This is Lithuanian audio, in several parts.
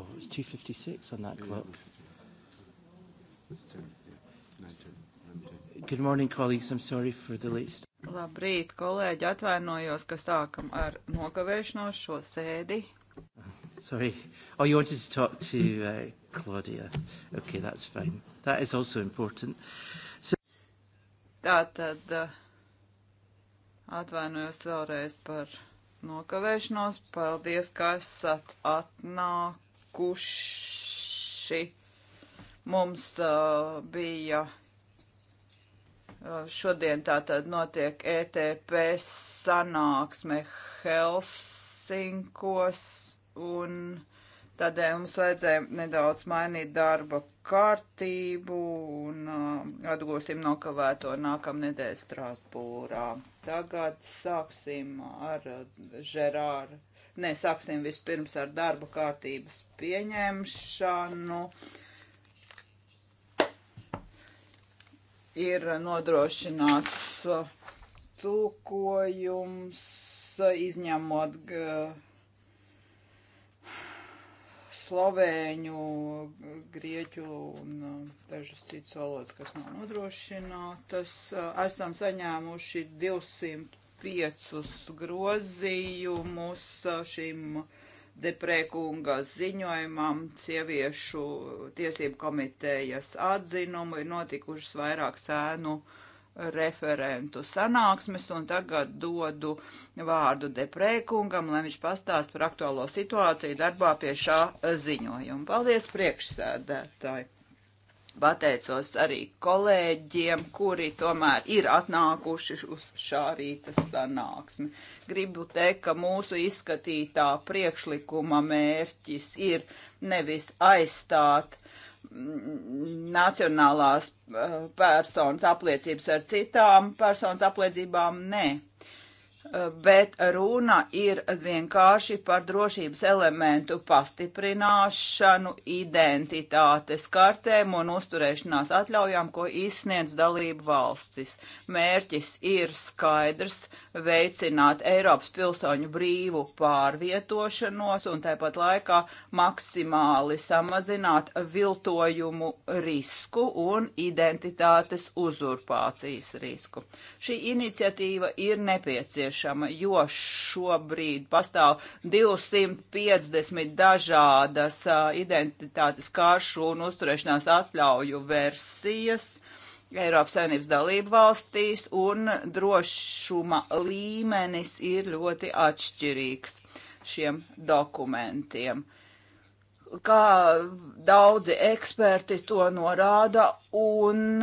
Oh, it was 2.56 on that clock. Good morning, colleagues. I'm sorry for the late start. Labrīt, kolēģi, atvainojos, ka sākam ar nokavēšanos šo sēdi. Sorry. Oh, you wanted to talk to uh, Claudia. Okay, that's fine. That is also important. So... Tātad uh, atvainojos vēlreiz par nokavēšanos. Paldies, ka esat atnāk notikuši. Mums uh, bija uh, šodien tātad notiek ETP sanāksme Helsinkos un tādēļ mums vajadzēja nedaudz mainīt darba kārtību un uh, atgūsim nokavēto nākamnedēļ Strasbūrā. Tagad sāksim ar Žerāru Nē, sāksim vispirms ar darba kārtības pieņemšanu. Ir nodrošināts tūkojums, izņemot slovēņu, grieķu un um, dažas citas valodas, kas nav nodrošinātas. Esam saņēmuši 200 piecus grozījumus šim deprēkunga ziņojumam, sieviešu tiesību komitejas atzinumu, ir notikušas vairāk sēnu referentu sanāksmes, un tagad dodu vārdu deprēkungam, lai viņš pastāst par aktuālo situāciju darbā pie šā ziņojuma. Paldies priekšsēdētāji! Pateicos arī kolēģiem, kuri tomēr ir atnākuši uz šā rīta sanāksmi. Gribu teikt, ka mūsu izskatītā priekšlikuma mērķis ir nevis aizstāt mm, nacionālās eh, personas apliecības ar citām personas apliecībām, nē, bet runa ir vienkārši par drošības elementu pastiprināšanu identitātes kartēm un uzturēšanās atļaujām, ko izsniedz dalību valstis. Mērķis ir skaidrs - veicināt Eiropas pilsoņu brīvu pārvietošanos un tāpat laikā maksimāli samazināt viltojumu risku un identitātes uzurpācijas risku. Šī iniciatīva ir nepieciešama nepieciešama, jo šobrīd pastāv 250 dažādas identitātes karšu un uzturēšanās atļauju versijas. Eiropas Savienības dalību valstīs, un drošuma līmenis ir ļoti atšķirīgs šiem dokumentiem. Kā daudzi eksperti to norāda, un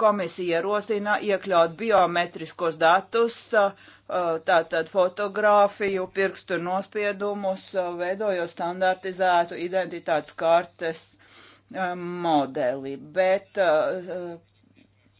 komisija rosina iekļaut biometriskos datus uh, tātad fotografiju, pirkstu nospiedumus, veidojot standartizētu identitātes kartes modeli, bet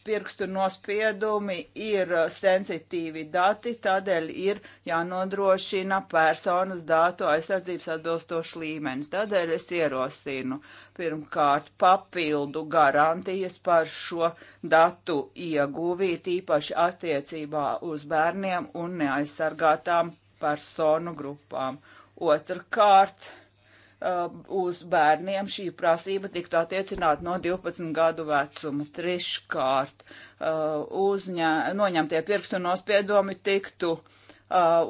pirkstu nospiedumi ir uh, sensitīvi dati, tādēļ ir jānodrošina personas datu aizsardzības atbilstošs līmenis. Tādēļ es ierosinu pirmkārt papildu garantijas par šo datu ieguvi, tīpaši attiecībā uz bērniem un neaizsargātām personu grupām. Otrkārt, Uh, uz bērniem šī prasība tiktu attiecināta no 12 gadu vecuma. Treškārt, uh, uzņē, noņemtie pirkstu nospiedumi tiktu uh,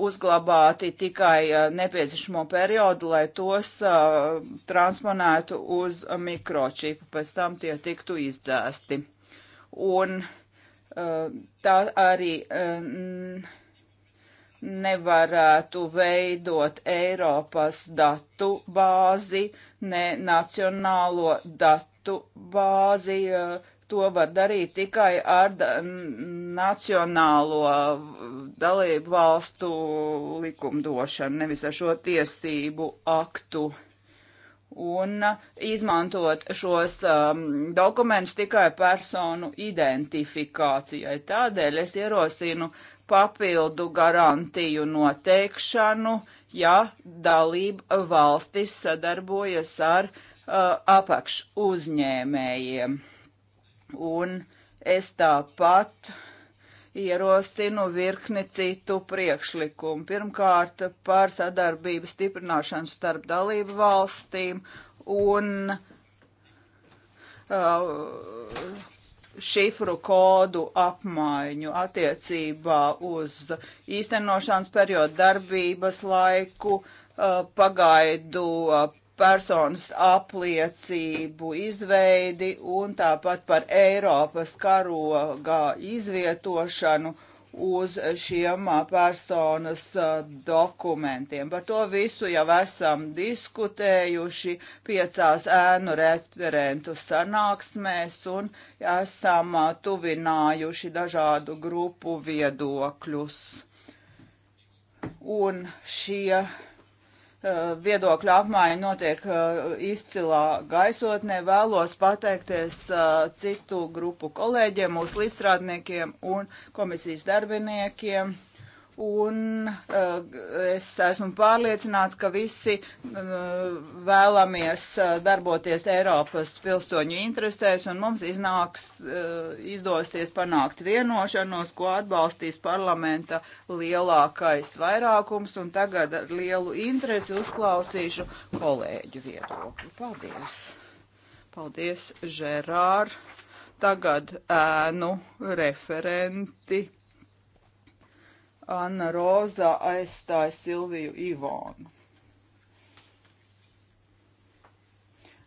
uzglabāti tikai nepieciešamo periodu, lai tos transponētu uz mikročipu, pēc tam tie tiktu izdzēsti. Un tā arī nevarētu veidot Eiropas datu bāzi, ne nacionālo datu bāzi. Eh, to var darīt tikai ar nacionālo mm, dalību valstu likumdošanu, nevis ar šo tiesību aktu un eh, izmantot šos um, dokumentus tikai personu identifikācijai. Tādēļ es ierosinu papildu garantiju noteikšanu, ja dalība valstis sadarbojas ar uh, apakš uzņēmējiem. Un es tāpat ierosinu virkni citu priekšlikumu. Pirmkārt, par sadarbību stiprināšanu starp dalību valstīm un uh, šifru kodu apmaiņu attiecībā uz īstenošanas periodu darbības laiku, pagaidu personas apliecību izveidi un tāpat par Eiropas karoga izvietošanu uz šiem personas dokumentiem. Par to visu jau esam diskutējuši piecās ēnu referentu sanāksmēs un esam tuvinājuši dažādu grupu viedokļus. Un šie Eh, viedokļu apmaiņa notiek eh, izcilā gaisotnē. Vēlos pateikties eh, citu grupu kolēģiem, mūsu līdzstrādniekiem un komisijas darbiniekiem un eh, es esmu pārliecināts, ka visi eh, vēlamies eh, darboties Eiropas pilsoņu interesēs, un mums iznāks, izdosies panākt vienošanos, ko atbalstīs parlamenta lielākais vairākums, un tagad ar lielu interesi uzklausīšu kolēģu viedokli. Paldies! Paldies, Žerār! Tagad ēnu referenti Anna Roza aizstāja Silviju Ivonu.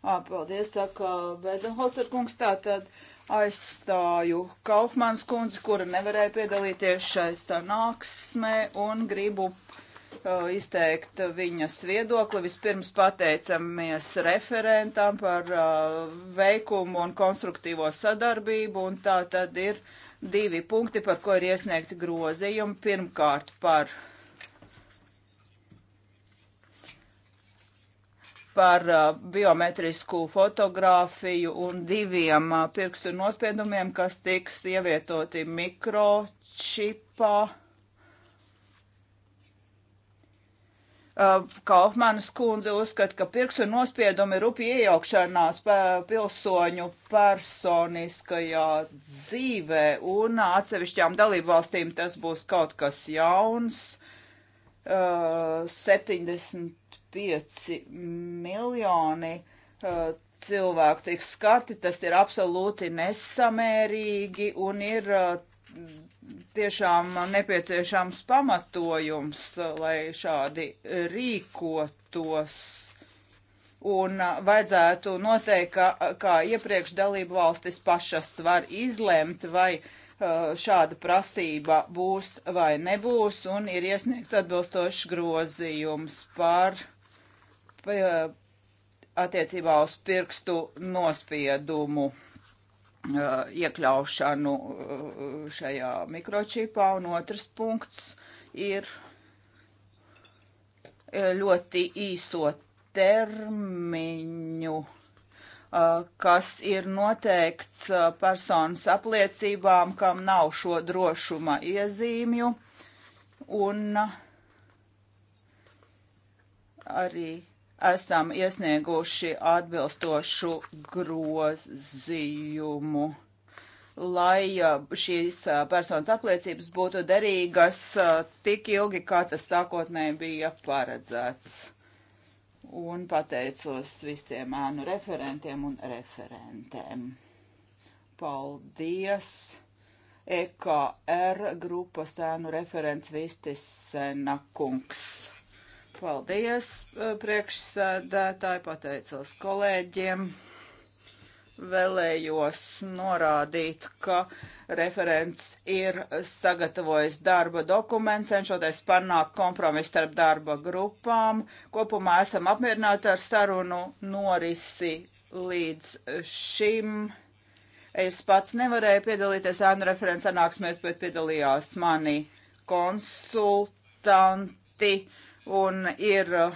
Ā, paldies, saka Bēdenholzer kungs, tātad aizstāju Kaufmans kundzi, kura nevarēja piedalīties šai sanāksmē un gribu uh, izteikt viņas viedokli. Vispirms pateicamies referentam par uh, veikumu un konstruktīvo sadarbību, un tā tad ir divi punkti, par ko ir iesniegti grozījumi. Pirmkārt par, par uh, biometrisku fotografiju un diviem uh, pirkstu nospiedumiem, kas tiks ievietoti mikročipā Uh, Kaufmanas kundze uzskata, ka pirkstu nospiedumi ir upju iejaukšanās pilsoņu personiskajā dzīvē un atsevišķām dalībvalstīm tas būs kaut kas jauns. 75 uh, miljoni uh, cilvēku tiks skarti, tas ir absolūti nesamērīgi un ir tiešām nepieciešams pamatojums, lai šādi rīkotos. Un vajadzētu noteikt, ka, kā iepriekš dalību valstis pašas var izlemt, vai uh, šāda prasība būs vai nebūs, un ir iesniegts atbilstošs grozījums par uh, attiecībā uz pirkstu nospiedumu. Eh, iekļaušanu eh, šajā mikročipā, un otrs punkts ir eh, ļoti īso termiņu, kas ir noteikts personas apliecībām, kam nav šo drošuma iezīmju, un arī esam iesnieguši atbilstošu grozījumu, lai šīs personas apliecības būtu derīgas tik ilgi, kā tas sākotnēji bija paredzēts. Un pateicos visiem ēnu referentiem un referentēm. Paldies! EKR grupas ēnu referents Vistis Sena kungs. Paldies, e, priekšsēdētāji, pateicos kolēģiem. Vēlējos norādīt, ka referents ir sagatavojis darba dokumentu, cenšoties panākt kompromisu starp darba grupām. Kopumā esam apmierināti ar sarunu norisi līdz šim. Es pats nevarēju piedalīties ēnu referents sanāksmēs, bet piedalījās mani konsultanti un ir uh,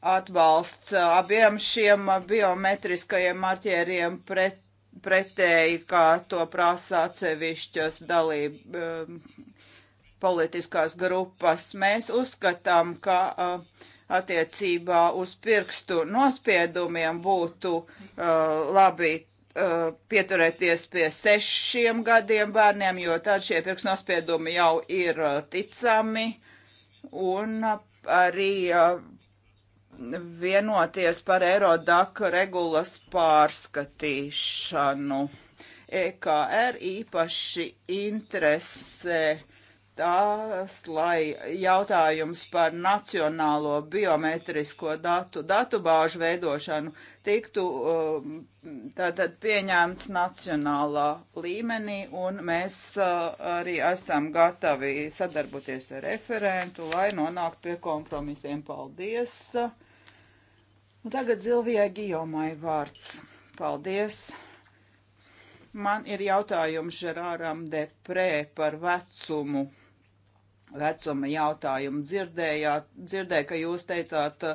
atbalsts uh, abiem šiem biometriskajiem marķieriem pret, pretēji, kā to prasa atsevišķas dalība um, politiskās grupas. Mēs uzskatām, ka uh, attiecībā uz pirkstu nospiedumiem būtu uh, labi uh, pieturēties pie sešiem gadiem bērniem, jo tad šie pirkstu nospiedumi jau ir uh, ticami un arī vienoties par Eirodaka regulas pārskatīšanu. EKR er īpaši interesē tās, lai jautājums par nacionālo biometrisko datu, datu bāžu veidošanu tiktu um, tātad pieņemts nacionālā līmenī, un mēs uh, arī esam gatavi sadarboties ar referentu, lai nonāktu pie kompromisiem. Paldies! Un tagad Zilvijai Gijomai vārds. Paldies! Man ir jautājums Žerāram Deprē par vecumu vecuma jautājumu dzirdējāt, dzirdēju, ka jūs teicāt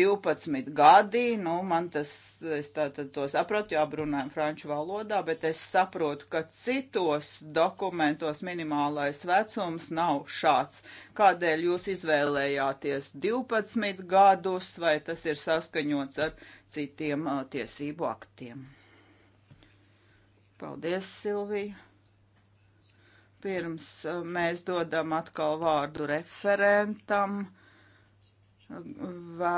12 uh, gadi, nu, man tas, es tātad to saprotu, jābrunājam franču valodā, bet es saprotu, ka citos dokumentos minimālais vecums nav šāds. Kādēļ jūs izvēlējāties 12 gadus, vai tas ir saskaņots ar citiem uh, tiesību aktiem? Paldies, Silvija! Pirms e, mēs dodam atkal vārdu referentam. Vā,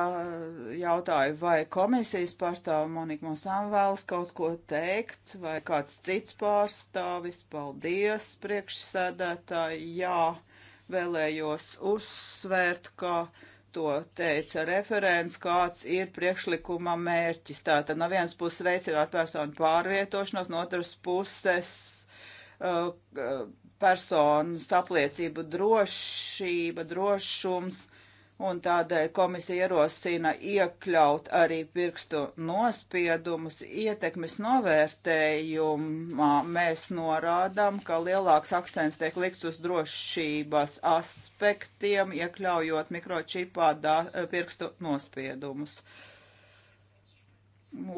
jautāju, vai komisijas pārstāve Monika Mosām vēlas kaut ko teikt, vai kāds cits pārstāvis. Paldies, priekšsēdētāji. Jā, vēlējos uzsvērt, ka to teica referents, kāds ir priekšlikuma mērķis. Tātad no vienas puses veicināt personu pārvietošanos, no otras puses uh, personas apliecību drošība, drošums, un tādēļ komisija ierosina iekļaut arī pirkstu nospiedumus ietekmes novērtējumā. Mēs norādām, ka lielāks akcents tiek likts uz drošības aspektiem, iekļaujot mikročipā pirkstu nospiedumus. Uh,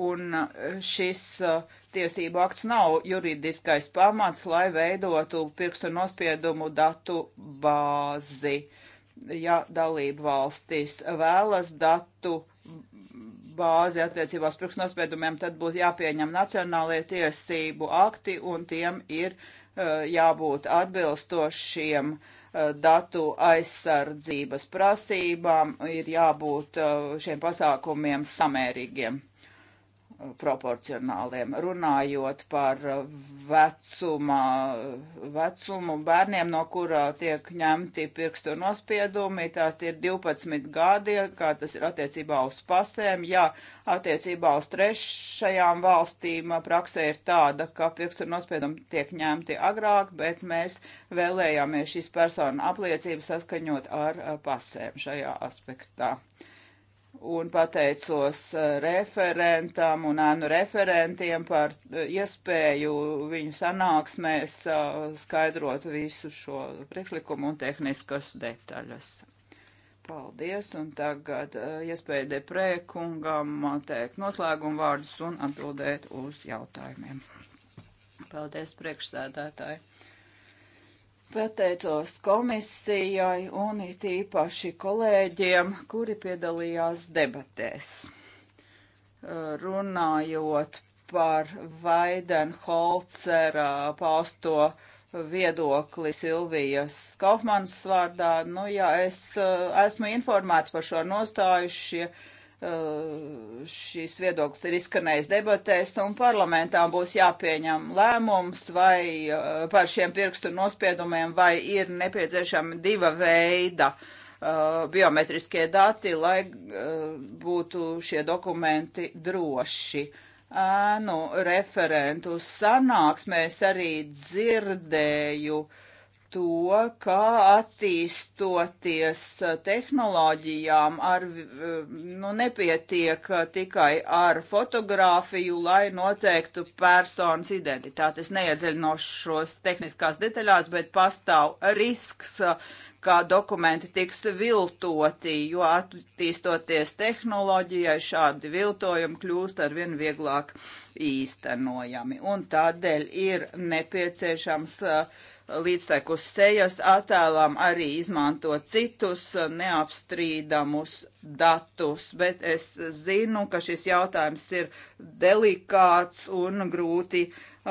Un eh, šis eh, tiesību akts nav juridiskais pamats, lai veidotu pirkstu nospiedumu datu bāzi. Ja dalību valstis vēlas datu bāzi attiecībā uz pirkstu nospiedumiem, tad būtu jāpieņem nacionālie tiesību akti un tiem ir uh, jābūt atbilstošiem uh, datu aizsardzības prasībām, ir jābūt uh, šiem pasākumiem samērīgiem proporcionāliem. Runājot par vecumā, vecumu bērniem, no kurā tiek ņemti pirkstu nospiedumi, tās ir 12 gadi, kā tas ir attiecībā uz pasēm. Jā, attiecībā uz trešajām valstīm praksē ir tāda, ka pirkstu nospiedumi tiek ņemti agrāk, bet mēs vēlējāmies šīs personu apliecības saskaņot ar pasēm šajā aspektā. Uh, un pateicos eh, referentam un ānu referentiem par eh, iespēju viņu sanāksmēs eh, skaidrot visu šo priekšlikumu un tehniskas detaļas. Paldies, un tagad iespēja deprē kungam teikt noslēgumu vārdus un atbildēt uz jautājumiem. Paldies, priekšsēdētāji! Pateicos komisijai un it īpaši kolēģiem, kuri piedalījās debatēs. Runājot par Vaidenholcera pausto viedokli Silvijas Kaufmanas vārdā, nu jā, es eh, esmu informēts par šo nostāju šie. Ja Eh, šis viedoklis ir izskanējis debatēs, un parlamentām būs jāpieņem lēmums vai eh, par šiem pirkstu nospiedumiem, vai ir nepieciešama diva veida eh, biometriskie dati, lai būtu šie dokumenti droši ēnu referentu sanāksmēs arī dzirdēju uh, to, ka attīstoties tehnoloģijām, ar, nu, nepietiek tikai ar fotografiju, lai noteiktu personas identitāti. Es neiedziļinošos tehniskās detaļās, bet pastāv risks, ka dokumenti tiks viltoti, jo attīstoties tehnoloģijai šādi viltojumi kļūst ar vien vieglāk īstenojami. Un tādēļ ir nepieciešams uh, līdztekus sejas attēlām arī izmanto citus neapstrīdamus datus, bet es zinu, ka šis jautājums ir delikāts un grūti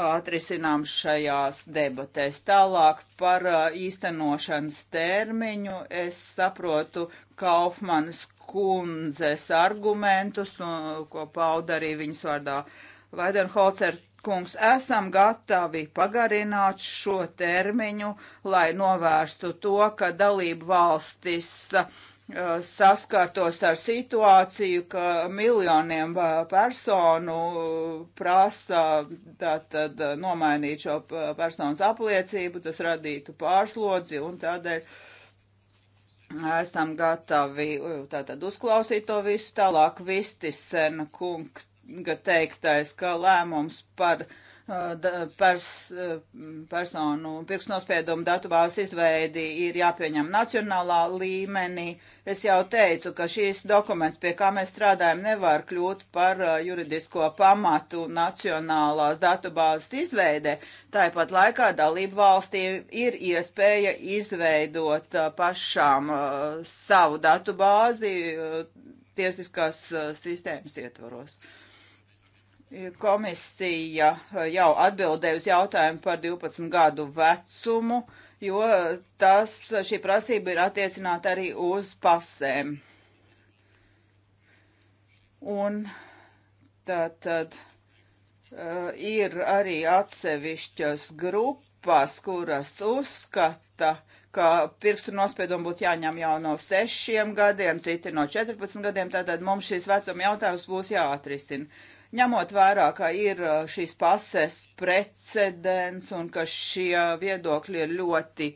atrisinām šajās debatēs. Tālāk par īstenošanas termiņu es saprotu Kaufmanas kundzes argumentus, un, ko pauda arī viņas vārdā Vaidenholzer kungs, esam gatavi pagarināt šo termiņu, lai novērstu to, ka dalību valstis uh, saskārtos ar situāciju, ka miljoniem uh, personu uh, prasa tātad nomainīt šo personas apliecību, tas radītu pārslodzi un tādēļ esam gatavi tātad uzklausīt to visu tālāk. Vistisena kungs teiktais, ka lēmums par uh, pers, uh, personu pirkstnospiedumu datubāzes izveidi ir jāpieņem nacionālā līmenī. Es jau teicu, ka šīs dokuments, pie kā mēs strādājam, nevar kļūt par uh, juridisko pamatu nacionālās datubāzes izveidē. Tāpat laikā dalību valstīm ir iespēja izveidot pašām savu datubāzi tiesiskās sistēmas ietvaros. Uh, Komisija e, jau atbildēja uz jautājumu par 12 gadu vecumu, jo tas, šī prasība ir attiecināta arī uz pasēm. Un tad, tad uh, ir arī atsevišķas grupas, kuras uzskata, ka pirkstu nospiedumu būtu jāņem jau no sešiem gadiem, citi no 14 gadiem, tātad mums šīs vecuma jautājums būs jāatrisina. Uh, ņemot vērā, ka ir uh, šīs pases precedents un ka šie viedokļi ir ļoti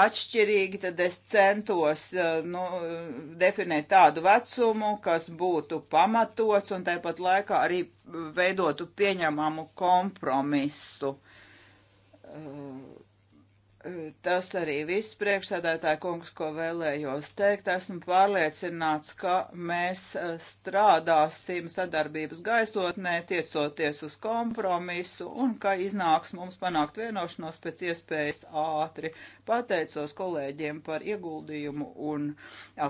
atšķirīgi, tad es centos uh, nu, definēt tādu vecumu, kas būtu pamatots un tāpat laikā arī veidotu pieņemamu kompromisu. Uh, Tas arī viss priekšsēdētāja kungs, ko vēlējos teikt. Esmu pārliecināts, ka mēs eh, strādāsim sadarbības gaisotnē, tiecoties uz kompromisu un ka iznāks mums panākt vienošanos pēc iespējas ātri. Pateicos kolēģiem par ieguldījumu un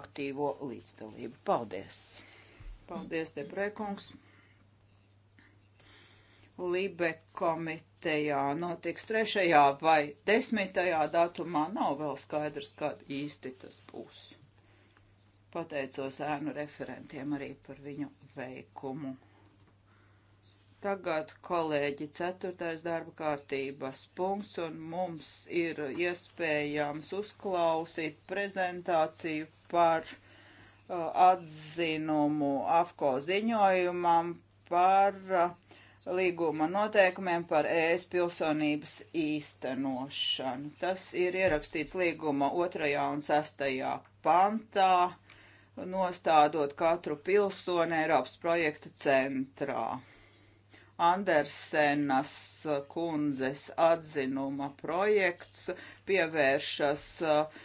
aktīvo līdzdalību. Paldies! Paldies, Deprē kungs! Libe komitejā notiks 3. vai 10. datumā. Nav vēl skaidrs, kad īsti tas būs. Pateicos ēnu referentiem arī par viņu veikumu. Tagad, kolēģi, ceturtais darba kārtības punkts, un mums ir iespējams uzklausīt prezentāciju par uh, atzinumu AFCO ziņojumam par uh, līguma noteikumiem par ES pilsonības īstenošanu. Tas ir ierakstīts līguma 2. un 6. pantā, nostādot katru pilsoni Eiropas projekta centrā. Andersenas kundzes atzinuma projekts pievēršas uh,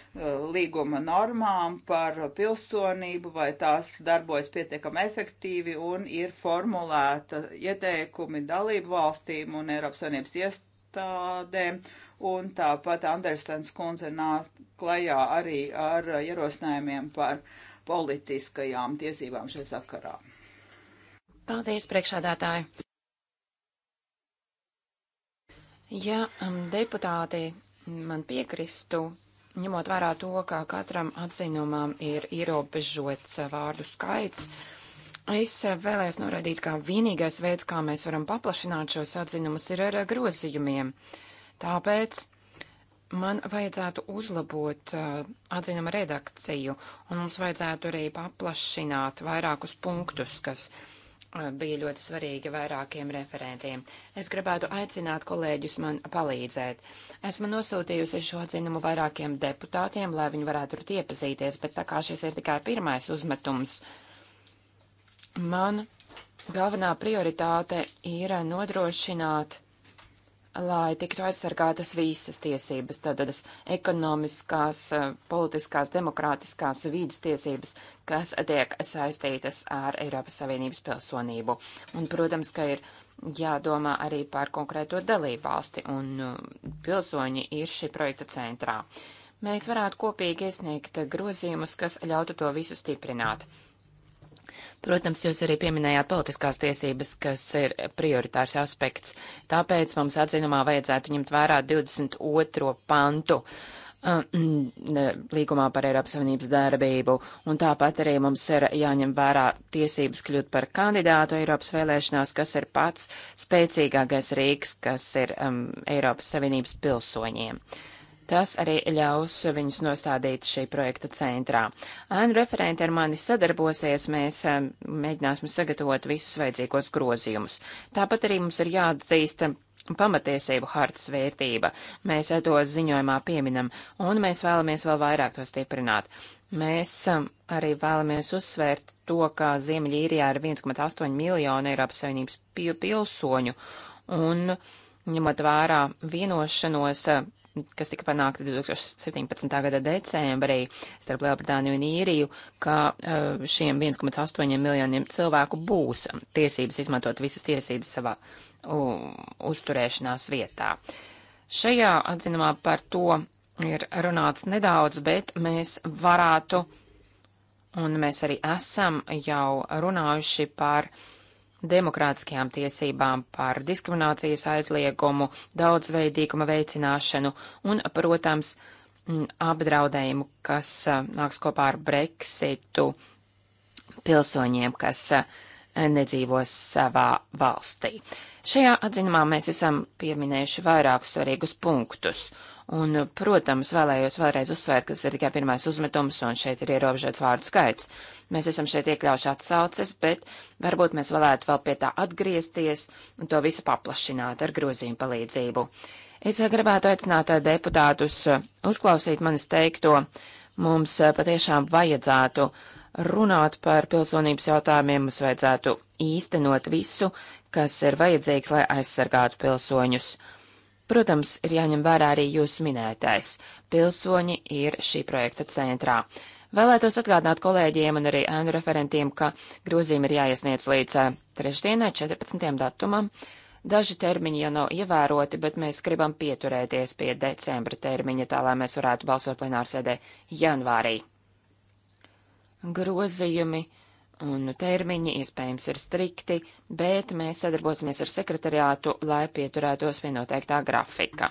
līguma normām par pilsonību, vai tās darbojas pietiekami efektīvi un ir formulēta ieteikumi dalību valstīm un Eiropas Savienības iestādēm. Un tāpat Andersens kundze nāk klajā arī ar ierosinājumiem par politiskajām tiesībām šajā sakarā. Paldies, priekšādātāji! Ja deputāti man piekristu, ņemot vērā to, ka katram atzinumam ir ierobežots vārdu skaits, es vēlējos norādīt, ka vienīgais veids, kā mēs varam paplašināt šos atzinumus, ir ar grozījumiem. Tāpēc man vajadzētu uzlabot uh, atzinuma redakciju, un mums vajadzētu arī paplašināt vairākus punktus, kas bija ļoti svarīga vairākiem referentiem. Es gribētu aicināt kolēģus man palīdzēt. Esmu nosūtījusi šo atzinumu vairākiem deputātiem, lai viņi varētu tur iepazīties, bet tā kā šis ir tikai pirmais uzmetums, man galvenā prioritāte ir nodrošināt lai tiktu aizsargātas visas tiesības, tātad ekonomiskās, eh, politiskās, demokrātiskās vīdas tiesības, kas tiek saistītas ar Eiropas Savienības pilsonību. Un, protams, ka ir jādomā arī par konkrēto dalību valsti, un eh, pilsoņi ir šī projekta centrā. Mēs varētu kopīgi iesniegt grozījumus, kas ļautu to visu stiprināt. Protams, jūs arī pieminējāt politiskās tiesības, kas ir prioritārs aspekts. Tāpēc mums atzinumā vajadzētu ņemt vērā 22. pantu uh, mm, līgumā par Eiropas Savienības darbību, un tāpat arī mums ir jāņem vērā tiesības kļūt par kandidātu Eiropas vēlēšanās, kas ir pats spēcīgākais rīks, kas ir um, Eiropas Savienības pilsoņiem. Uh, Tas arī ļaus viņus nostādīt šī projekta centrā. Ēnu referenti ar mani sadarbosies, mēs eh, mēģināsim sagatavot visus vajadzīgos grozījumus. Tāpat arī mums ir jāatzīst pamatiesību hartas vērtība. Mēs eh, to ziņojumā pieminam, un mēs vēlamies vēl vairāk to stiprināt. Mēs eh, arī vēlamies uzsvērt to, ka Ziemeļīrijā ir 1,8 miljonu Eiropas Savienības pilsoņu, un ņemot vērā vienošanos kas tika panākta 2017. gada decembrī starp Lielbritāniju un Īriju, ka e, šiem 1,8 miljoniem cilvēku būs tiesības izmantot visas tiesības savā uzturēšanās vietā. Šajā atzinumā par to ir runāts nedaudz, bet mēs varētu, un mēs arī esam jau runājuši par uh, demokrātiskajām tiesībām, par diskriminācijas aizliegumu, daudzveidīguma veicināšanu un, protams, apdraudējumu, kas nāks kopā ar Brexitu pilsoņiem, kas nedzīvos savā valstī. Šajā atzinumā mēs esam pieminējuši vairākus svarīgus punktus. Uh, Un, protams, vēlējos vēlreiz uzsvērt, ka tas ir tikai pirmais uzmetums, un šeit ir ierobežots vārdu skaits. Mēs esam šeit iekļauši atsauces, bet varbūt mēs varētu vēl pie tā atgriezties un to visu paplašināt ar grozījumu palīdzību. Es gribētu aicināt eh, deputātus eh, uzklausīt manis teikto. Mums eh, patiešām vajadzētu runāt par pilsonības jautājumiem, mums vajadzētu īstenot visu, kas ir vajadzīgs, lai aizsargātu pilsoņus. Protams, ir jāņem vērā arī jūsu minētais. Pilsoņi ir šī projekta centrā. Vēlētos atgādināt kolēģiem un arī ēnu referentiem, ka grozījumi ir jāiesniedz līdz eh, trešdienai, 14. datumam. Daži termiņi jau nav ievēroti, bet mēs gribam pieturēties pie decembra termiņa, tā lai mēs varētu balsot plenārsēdē janvārī. Grozījumi un termiņi iespējams ir strikti, bet mēs sadarbosimies ar sekretariātu, lai pieturētos pie noteiktā grafika.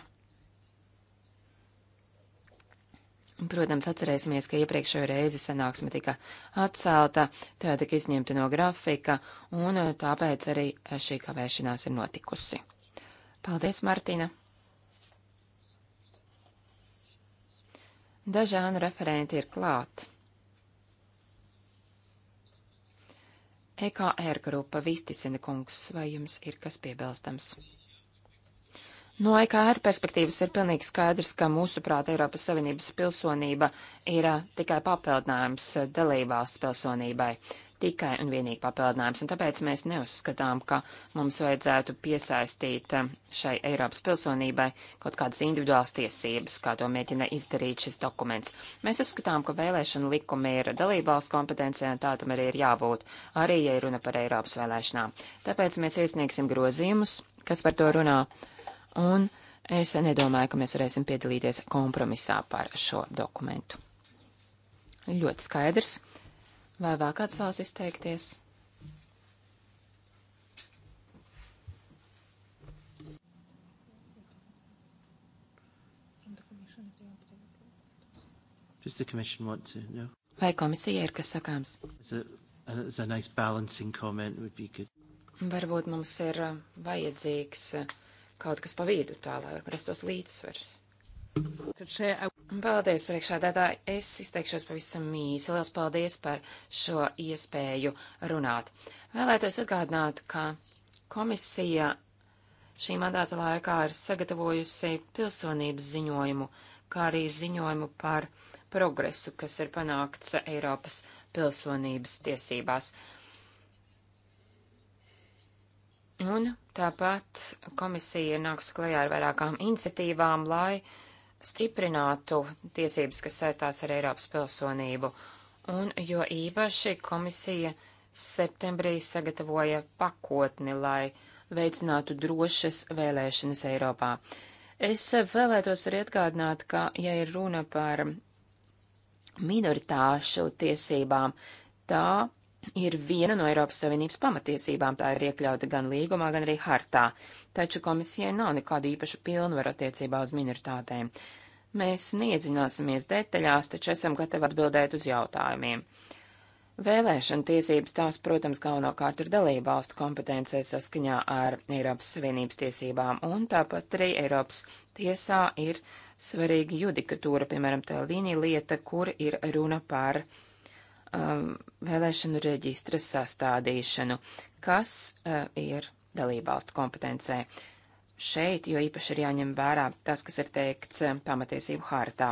Protams, atcerēsimies, ka iepriekšējo reizi sanāksme tika atcelta, tā tika izņemta no grafika, un tāpēc arī šī kavēšanās ir notikusi. Paldies, Martina! Dažānu referenti ir klāt. EKR grupa Vistisena kungs, vai jums ir kas piebilstams? No EKR perspektīvas ir pilnīgi skaidrs, ka mūsuprāt Eiropas Savienības pilsonība ir eh, tikai papildinājums eh, dalībās pilsonībai tikai un vienīgi papildinājums, un tāpēc mēs neuzskatām, ka mums vajadzētu piesaistīt eh, šai Eiropas pilsonībai kaut kādas individuālas tiesības, kā to mēģina izdarīt šis dokuments. Mēs uzskatām, ka vēlēšana likumi ir dalībvalsts kompetencija, un tā tam arī ir jābūt, arī, ja ir runa par Eiropas vēlēšanām. Tāpēc mēs iesniegsim grozījumus, kas par to runā, un es nedomāju, ka mēs varēsim piedalīties kompromisā par šo dokumentu. Ļoti skaidrs. Vai vēl kāds vēlas izteikties? No? Vai komisija ir kas sakāms? A, nice Varbūt mums ir uh, vajadzīgs uh, kaut kas pa vidu tā, lai rastos līdzsvars. Paldies, priekšādātāji. Es izteikšos pavisam īsi. Lielas paldies par šo iespēju runāt. Vēlētos atgādināt, ka komisija šī mandāta laikā ir sagatavojusi pilsonības ziņojumu, kā arī ziņojumu par progresu, kas ir panākts Eiropas pilsonības tiesībās. Un tāpat komisija nāks klajā ar vairākām iniciatīvām, lai uh, stiprinātu tiesības, kas saistās ar Eiropas pilsonību, un jo īpaši komisija septembrī sagatavoja pakotni, lai veicinātu drošas vēlēšanas Eiropā. Es vēlētos arī atgādināt, ka, ja ir runa par minoritāšu tiesībām, tā ir viena no Eiropas Savienības pamatiesībām. Tā ir iekļauta gan līgumā, gan arī hartā, taču komisijai nav nekāda īpaša pilnvara attiecībā uz minoritātēm. Mēs neiedzināsimies detaļās, taču esam gatavi atbildēt uz jautājumiem. Vēlēšana tiesības tās, protams, galvenokārt ir dalība valstu kompetencē saskaņā ar Eiropas Savienības tiesībām, un tāpat arī Eiropas tiesā ir svarīga judikatūra, piemēram, tā līnija lieta, kur ir runa par uh, um, vēlēšanu reģistra sastādīšanu, kas uh, ir dalībvalstu kompetencē. Šeit jo īpaši ir jāņem vērā tas, kas ir teikts um, pamatiesību hartā.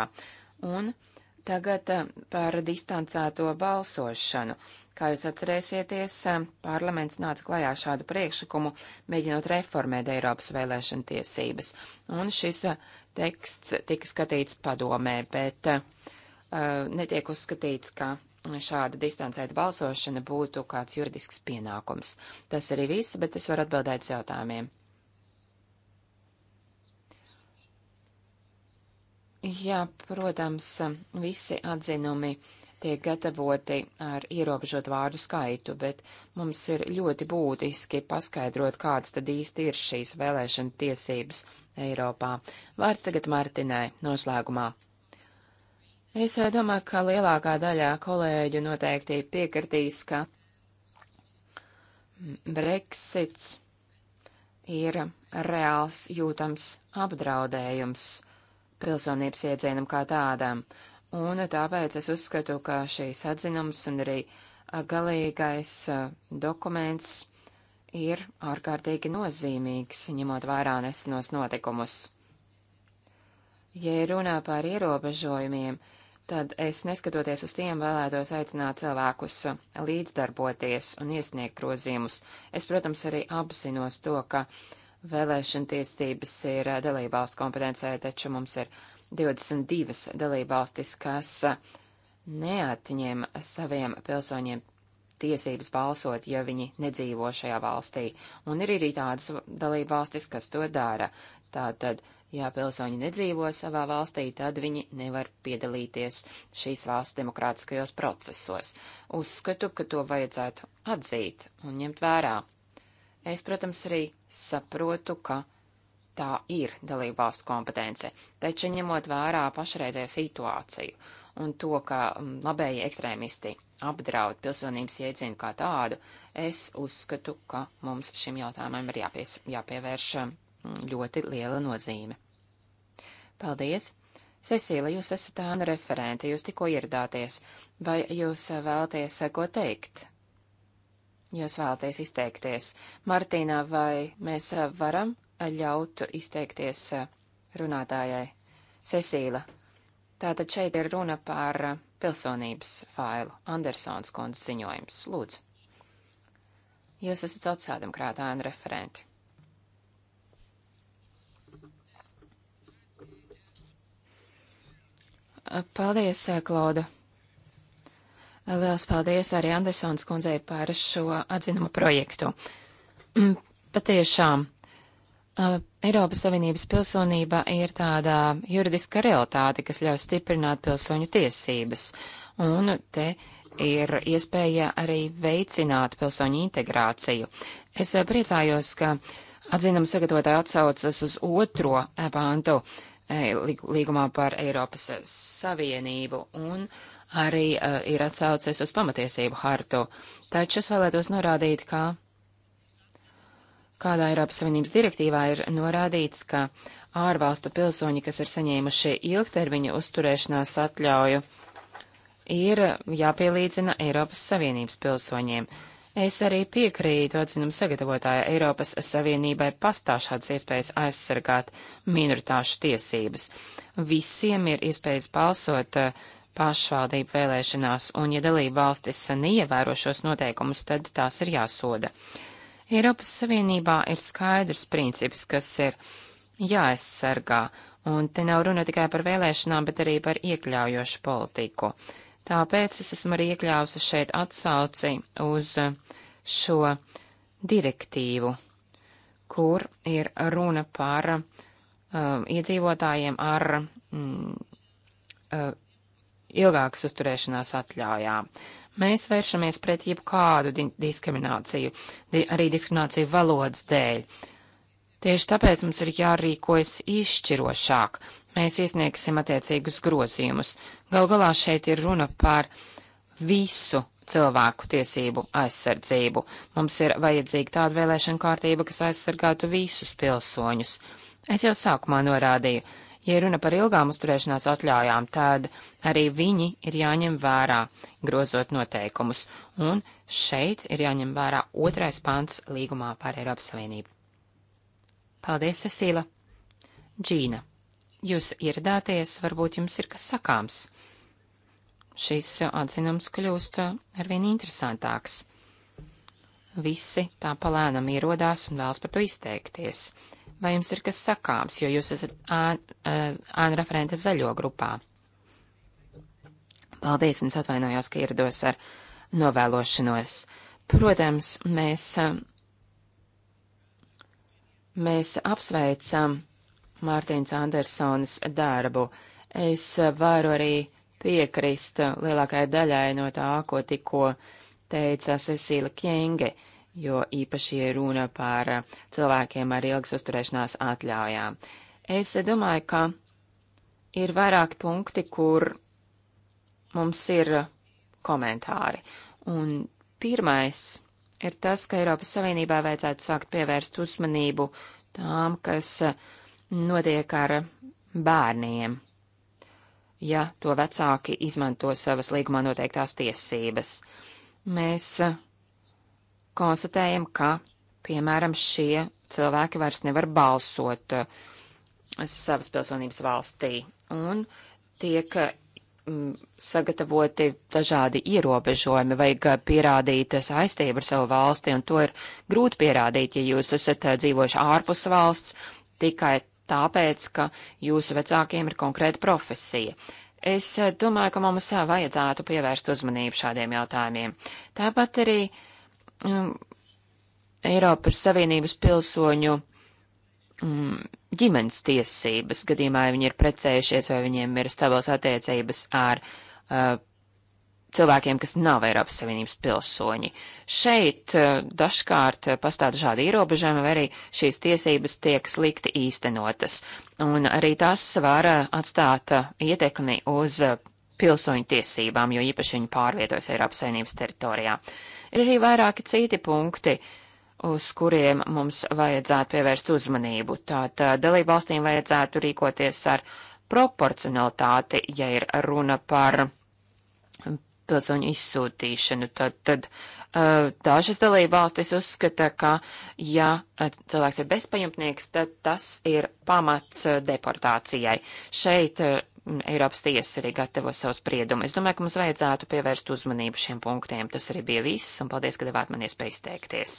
Un tagad uh, par distancēto balsošanu. Kā jūs atcerēsieties, um, parlaments nāca klajā šādu priekšlikumu, mēģinot reformēt Eiropas vēlēšana tiesības. Un šis uh, teksts tika skatīts padomē, bet uh, uh netiek uzskatīts, ka šāda distancēta balsošana būtu kāds juridisks pienākums. Tas arī viss, bet es varu atbildēt uz jautājumiem. Jā, protams, visi atzinumi tiek gatavoti ar ierobežot vārdu skaitu, bet mums ir ļoti būtiski paskaidrot, kādas tad īsti ir šīs vēlēšana tiesības Eiropā. Vārds tagad Martinai noslēgumā. Es eh, domāju, ka lielākā daļā kolēģu noteikti piekritīs, ka Brexits ir reāls jūtams apdraudējums pilsonības iedzienam kā tādam, un tāpēc es uzskatu, ka šīs atzinums un arī galīgais eh, dokuments ir ārkārtīgi nozīmīgs, ņemot vērā nesenos notikumus. Ja runā par ierobežojumiem, tad es, neskatoties uz tiem, vēlētos aicināt cilvēkus līdzdarboties un iesniegt grozījumus. Es, protams, arī apzinos to, ka vēlēšana tiesības ir dalībvalstu kompetencē, taču mums ir 22 dalībvalstis, kas neatņem saviem pilsoņiem tiesības balsot, ja viņi nedzīvo šajā valstī. Un ir arī tādas dalībvalstis, kas to dara. Tātad Ja pilsoņi nedzīvo savā valstī, tad viņi nevar piedalīties šīs valsts demokrātiskajos procesos. Uzskatu, ka to vajadzētu atzīt un ņemt vērā. Es, protams, arī saprotu, ka tā ir dalībvalstu kompetence, taču ņemot vērā pašreizējo situāciju un to, ka mm, labēji ekstrēmisti apdraud pilsonības iedzienu kā tādu, es uzskatu, ka mums šim jautājumam ir jāpies, jāpievērš ļoti liela nozīme. Paldies! Cecīla, jūs esat ānu referente, jūs tikko ieradāties. Vai jūs vēlaties eh, ko teikt? Jūs vēlaties izteikties. Martīnā, vai mēs eh, varam eh, ļaut izteikties runātājai? Cecīla, tātad šeit ir runa par pilsonības failu. Andersons kundze ziņojums. Lūdzu. Jūs esat sociāldemokrāta ānu referente. Paldies, eh, Klauda. Liels paldies arī Andersons kundzei par šo atzinumu projektu. Mm, patiešām, eh, Eiropas Savienības pilsonība ir tāda juridiska realitāte, kas ļauj stiprināt pilsoņu tiesības. Un te ir iespēja arī veicināt pilsoņu integrāciju. Es eh, priecājos, ka atzinuma sagatavotāja atsaucas uz otro pāntu līgumā par Eiropas Savienību un arī uh, ir atsaucies uz pamatiesību hartu. Taču es vēlētos norādīt, ka kādā Eiropas Savienības direktīvā ir norādīts, ka ārvalstu pilsoņi, kas ir saņēmuši ilgtermiņa uzturēšanās atļauju, ir jāpielīdzina Eiropas Savienības pilsoņiem. Es arī piekrītu atzinumu sagatavotāja Eiropas Savienībai pastāv šādas iespējas aizsargāt minoritāšu tiesības. Visiem ir iespējas balsot eh, pašvaldību vēlēšanās, un ja dalība valstis neievēro šos noteikumus, tad tās ir jāsoda. Eiropas Savienībā ir skaidrs princips, kas ir jāaizsargā, un te nav runa tikai par vēlēšanām, bet arī par iekļaujošu politiku. Tāpēc es esmu arī iekļāvusi šeit atsauci uz šo direktīvu, kur ir runa par uh, iedzīvotājiem ar mm, uh, ilgākas uzturēšanās atļaujām. Mēs vēršamies pret jebkādu di diskrimināciju, di arī diskrimināciju valodas dēļ. Tieši tāpēc mums ir jārīkojas izšķirošāk, mēs iesniegsim attiecīgus grozījumus. Gal galā šeit ir runa par visu cilvēku tiesību aizsardzību. Mums ir vajadzīga tāda vēlēšana kārtība, kas aizsargātu visus pilsoņus. Es jau sākumā norādīju, ja runa par ilgām uzturēšanās atļaujām, tad arī viņi ir jāņem vērā, grozot noteikumus, un šeit ir jāņem vērā otrais pants līgumā par Eiropas Savienību. Paldies, Cecīla! Džīna! jūs ieradāties, varbūt jums ir kas sakāms. Šis atzinums kļūst arvien interesantāks. Visi tā palēnam ierodās un vēlas par to izteikties. Vai jums ir kas sakāms, jo jūs esat āna referente zaļo grupā? Paldies, un es atvainojos, ka ierados ar novēlošanos. Protams, mēs, mēs apsveicam Mārtiņas Andersons darbu. Es varu arī piekrist lielākajai daļai no tā, ko tikko teica Cecīla Kjenge, jo īpaši ir runa par cilvēkiem ar ilgas uzturēšanās atļaujām. Es domāju, ka ir vairāki punkti, kur mums ir komentāri. Un pirmais ir tas, ka Eiropas Savienībā vajadzētu sākt pievērst uzmanību tām, kas notiek ar bērniem, ja to vecāki izmanto savas līgumā noteiktās tiesības. Mēs eh, konstatējam, ka, piemēram, šie cilvēki vairs nevar balsot eh, savas pilsonības valstī, un tiek mm, sagatavoti dažādi ierobežojumi, vajag pierādīt saistību ar savu valsti, un to ir grūti pierādīt, ja jūs esat eh, dzīvojuši ārpus valsts, tikai tāpēc, ka jūsu vecākiem ir konkrēta profesija. Es eh, domāju, ka mums eh, vajadzētu pievērst uzmanību šādiem jautājumiem. Tāpat arī um, Eiropas Savienības pilsoņu um, ģimenes tiesības gadījumā, ja viņi ir precējušies vai viņiem ir stabils attiecības ar uh, cilvēkiem, kas nav Eiropas Savienības pilsoņi. Šeit eh, dažkārt eh, pastāv dažādi ierobežojumi, vai arī šīs tiesības tiek slikti īstenotas, un arī tas var eh, atstāt ietekmi uz pilsoņu tiesībām, jo īpaši viņi pārvietojas Eiropas Savienības teritorijā. Ir arī vairāki citi punkti, uz kuriem mums vajadzētu pievērst uzmanību. Tātad dalību valstīm vajadzētu rīkoties ar proporcionalitāti, ja ir runa par pilsoņu izsūtīšanu. Tad, tad eh, dažas dalībvalstis uzskata, ka ja eh, cilvēks ir bezpajumtnieks, tad tas ir pamats eh, deportācijai. Šeit Eiropas tiesa arī gatavo savu spriedumu. Es domāju, ka mums vajadzētu pievērst uzmanību šiem punktiem. Tas arī bija viss, un paldies, ka devāt man iespēju izteikties.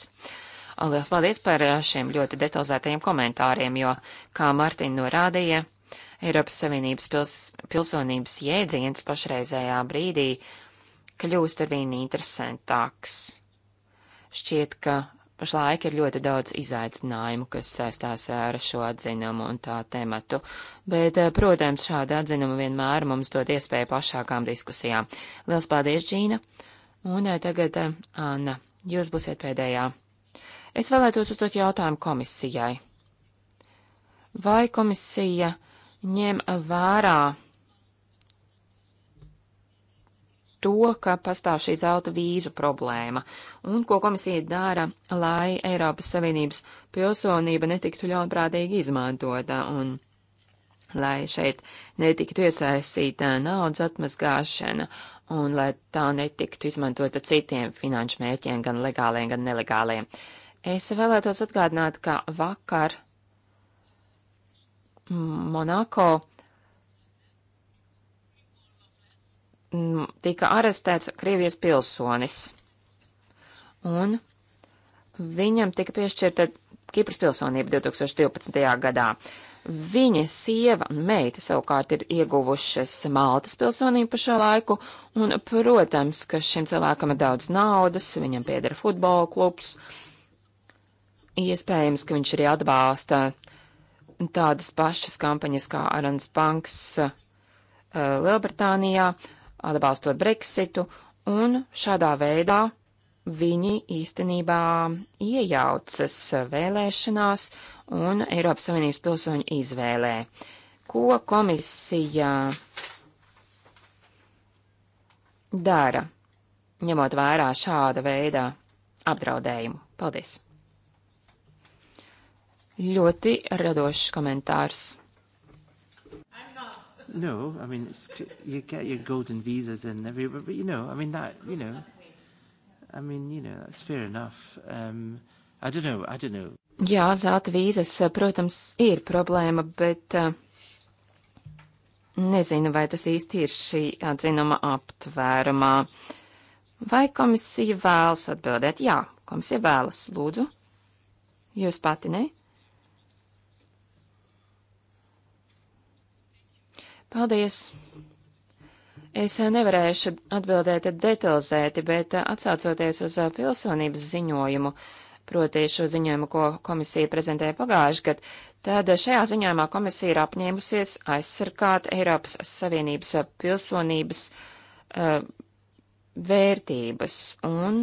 Lielas paldies par šiem ļoti detalizētajiem komentāriem, jo, kā Martina norādīja, Eiropas Savienības pils pilsonības jēdziens pašreizējā brīdī kļūst arvien interesantāks. Šķiet, ka pašlaik ir ļoti daudz izaicinājumu, kas saistās ar šo atzinumu un tā tematu, bet, eh, protams, šāda atzinuma vienmēr mums dod iespēju plašākām diskusijām. Liels paldies, Džīna! Un eh, tagad eh, Anna, jūs būsiet pēdējā. Es vēlētos uzdot jautājumu komisijai. Vai komisija ņem vērā to, ka pastāv šī zelta vīzu problēma, un ko komisija dara, lai Eiropas Savienības pilsonība netiktu ļaunprātīgi izmantota, un lai šeit netiktu iesaistīta naudas atmazgāšana, un lai tā netiktu izmantota citiem finanšu mērķiem, gan legāliem, gan nelegāliem. Es vēlētos atgādināt, ka vakar Monako Nu, tika arestēts Krievijas pilsonis. Un viņam tika piešķirta Kipras pilsonība 2012. gadā. Viņa sieva un meita savukārt ir ieguvušas Maltas pilsonību pa šo laiku, un, protams, ka šim cilvēkam ir daudz naudas, viņam pieder futbola klubs. Iespējams, ka viņš arī atbalsta tādas pašas kampaņas kā Arans Banks uh, Lielbritānijā, uh, atbalstot Brexitu, un šādā veidā viņi īstenībā iejaucas vēlēšanās un Eiropas Savienības pilsoņu izvēlē. Ko komisija dara, ņemot vērā šāda veida apdraudējumu? Paldies! Ļoti radošs komentārs. No, I mean, it's, you get your golden visas and everywhere, but you know, I mean, that, you know, I mean, you know, that's fair enough. Um, I don't know, I don't know. Jā, zelta vīzas, eh, protams, ir problēma, bet uh, nezinu, vai tas īsti ir šī atzinuma aptvērumā. Vai komisija vēlas atbildēt? Jā, komisija vēlas, lūdzu. Jūs pati ne? Paldies! Es nevarēšu atbildēt detalizēti, bet atsaucoties uz pilsonības ziņojumu, proti šo ziņojumu, ko komisija prezentēja pagājuši gadu, tad šajā ziņojumā komisija ir apņēmusies aizsargāt Eiropas Savienības pilsonības uh, vērtības. Un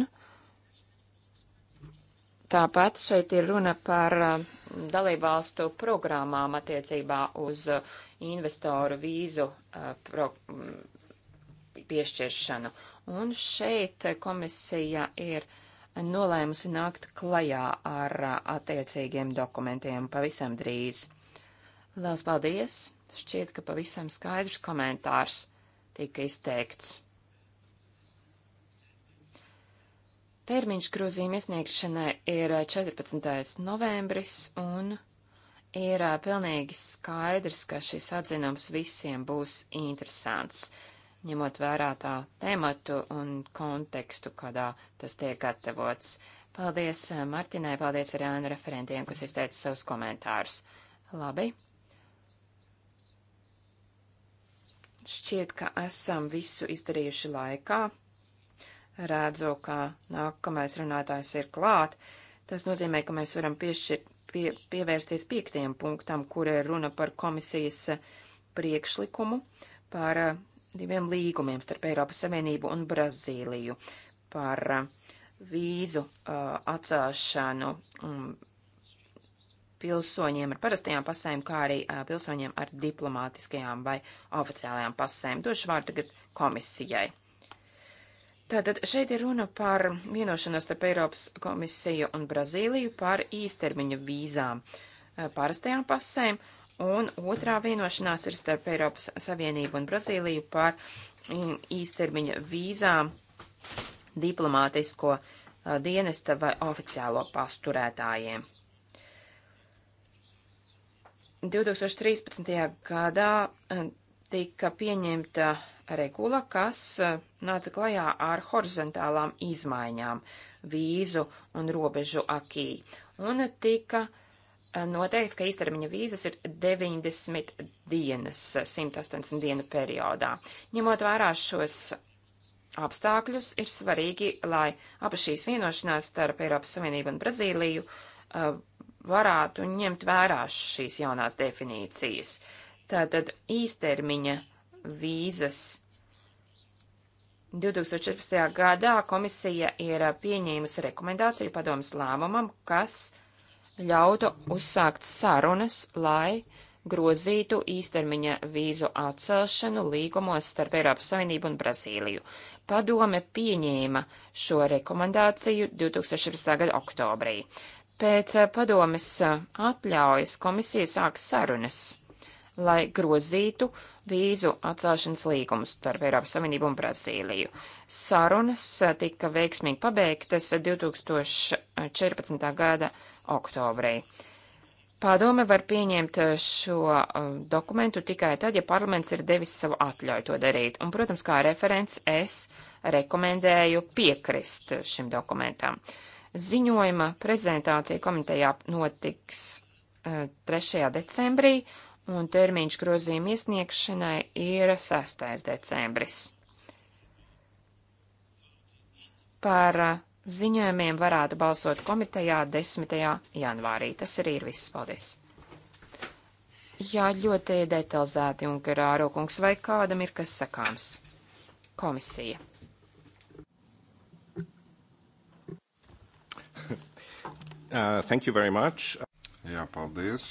tāpat šeit ir runa par uh, dalībvalstu programmām attiecībā uz uh, investoru vīzu uh, pro, mm, piešķiršanu. Un šeit komisija ir nolēmusi nākt klajā ar uh, attiecīgiem dokumentiem pavisam drīz. Lielas paldies! Šķiet, ka pavisam skaidrs komentārs tika izteikts. Termiņš grozījuma iesniegšanai ir 14. Uh, novembris un ir pilnīgi skaidrs, ka šis atzinums visiem būs interesants, ņemot vērā tā tematu un kontekstu, kādā tas tiek gatavots. Paldies Martinai, paldies arī Ānu referentiem, kas izteica savus komentārus. Labi. Šķiet, ka esam visu izdarījuši laikā. Redzu, ka nākamais runātājs ir klāt. Tas nozīmē, ka mēs varam piešķirt pie, pievērsties piektajam punktam, kur ir runa par komisijas priekšlikumu par eh, diviem līgumiem starp Eiropas Savienību un Brazīliju par eh, vīzu eh, atcelšanu mm, pilsoņiem ar parastajām pasēm, kā arī pilsoņiem ar diplomātiskajām vai oficiālajām pasēm. Došu vārdu tagad komisijai. Tātad šeit ir runa par vienošanos starp Eiropas komisiju un Brazīliju par īstermiņa vīzām eh, parastajām pasēm, un otrā vienošanās ir starp Eiropas Savienību un Brazīliju par mm, īstermiņa vīzām diplomātisko eh, dienesta vai oficiālo pasturētājiem. 2013. gadā eh, tika pieņemta regula, kas eh, nāca klajā ar horizontālām izmaiņām vīzu un robežu akī. Un tika eh, noteikts, ka īstermiņa vīzas ir 90 dienas, 180 eh, dienu periodā. Ņemot vērā šos apstākļus, ir svarīgi, lai abi šīs vienošanās starp Eiropas Savienību un Brazīliju varētu ņemt vērā šīs jaunās definīcijas. Tātad īstermiņa vīzas. 2014. gadā komisija ir pieņēmusi rekomendāciju padomas lēmumam, kas ļautu uzsākt sarunas, lai grozītu īstermiņa vīzu atcelšanu līgumos starp Eiropas Savienību un Brazīliju. Padome pieņēma šo rekomendāciju 2016. gada oktobrī. Pēc padomes atļaujas komisija sāks sarunas, lai grozītu vīzu atcelšanas līgumus starp Eiropas Savienību un Brazīliju. Sarunas tika veiksmīgi pabeigtas 2014. gada oktobrī. Padome var pieņemt šo uh, dokumentu tikai tad, ja parlaments ir devis savu atļauju to darīt. Un, protams, kā referents es rekomendēju piekrist šim dokumentam. Ziņojuma prezentācija komitejā notiks 3. Uh, decembrī, un termiņš grozījuma iesniegšanai ir 6. decembris. Par uh, ziņojumiem varētu balsot komitejā 10. janvārī. Tas arī ir viss. Paldies! Jā, ļoti detalizēti un garāro kungs, vai kādam ir kas sakāms? Komisija. Uh, thank you very much. Jā, paldies.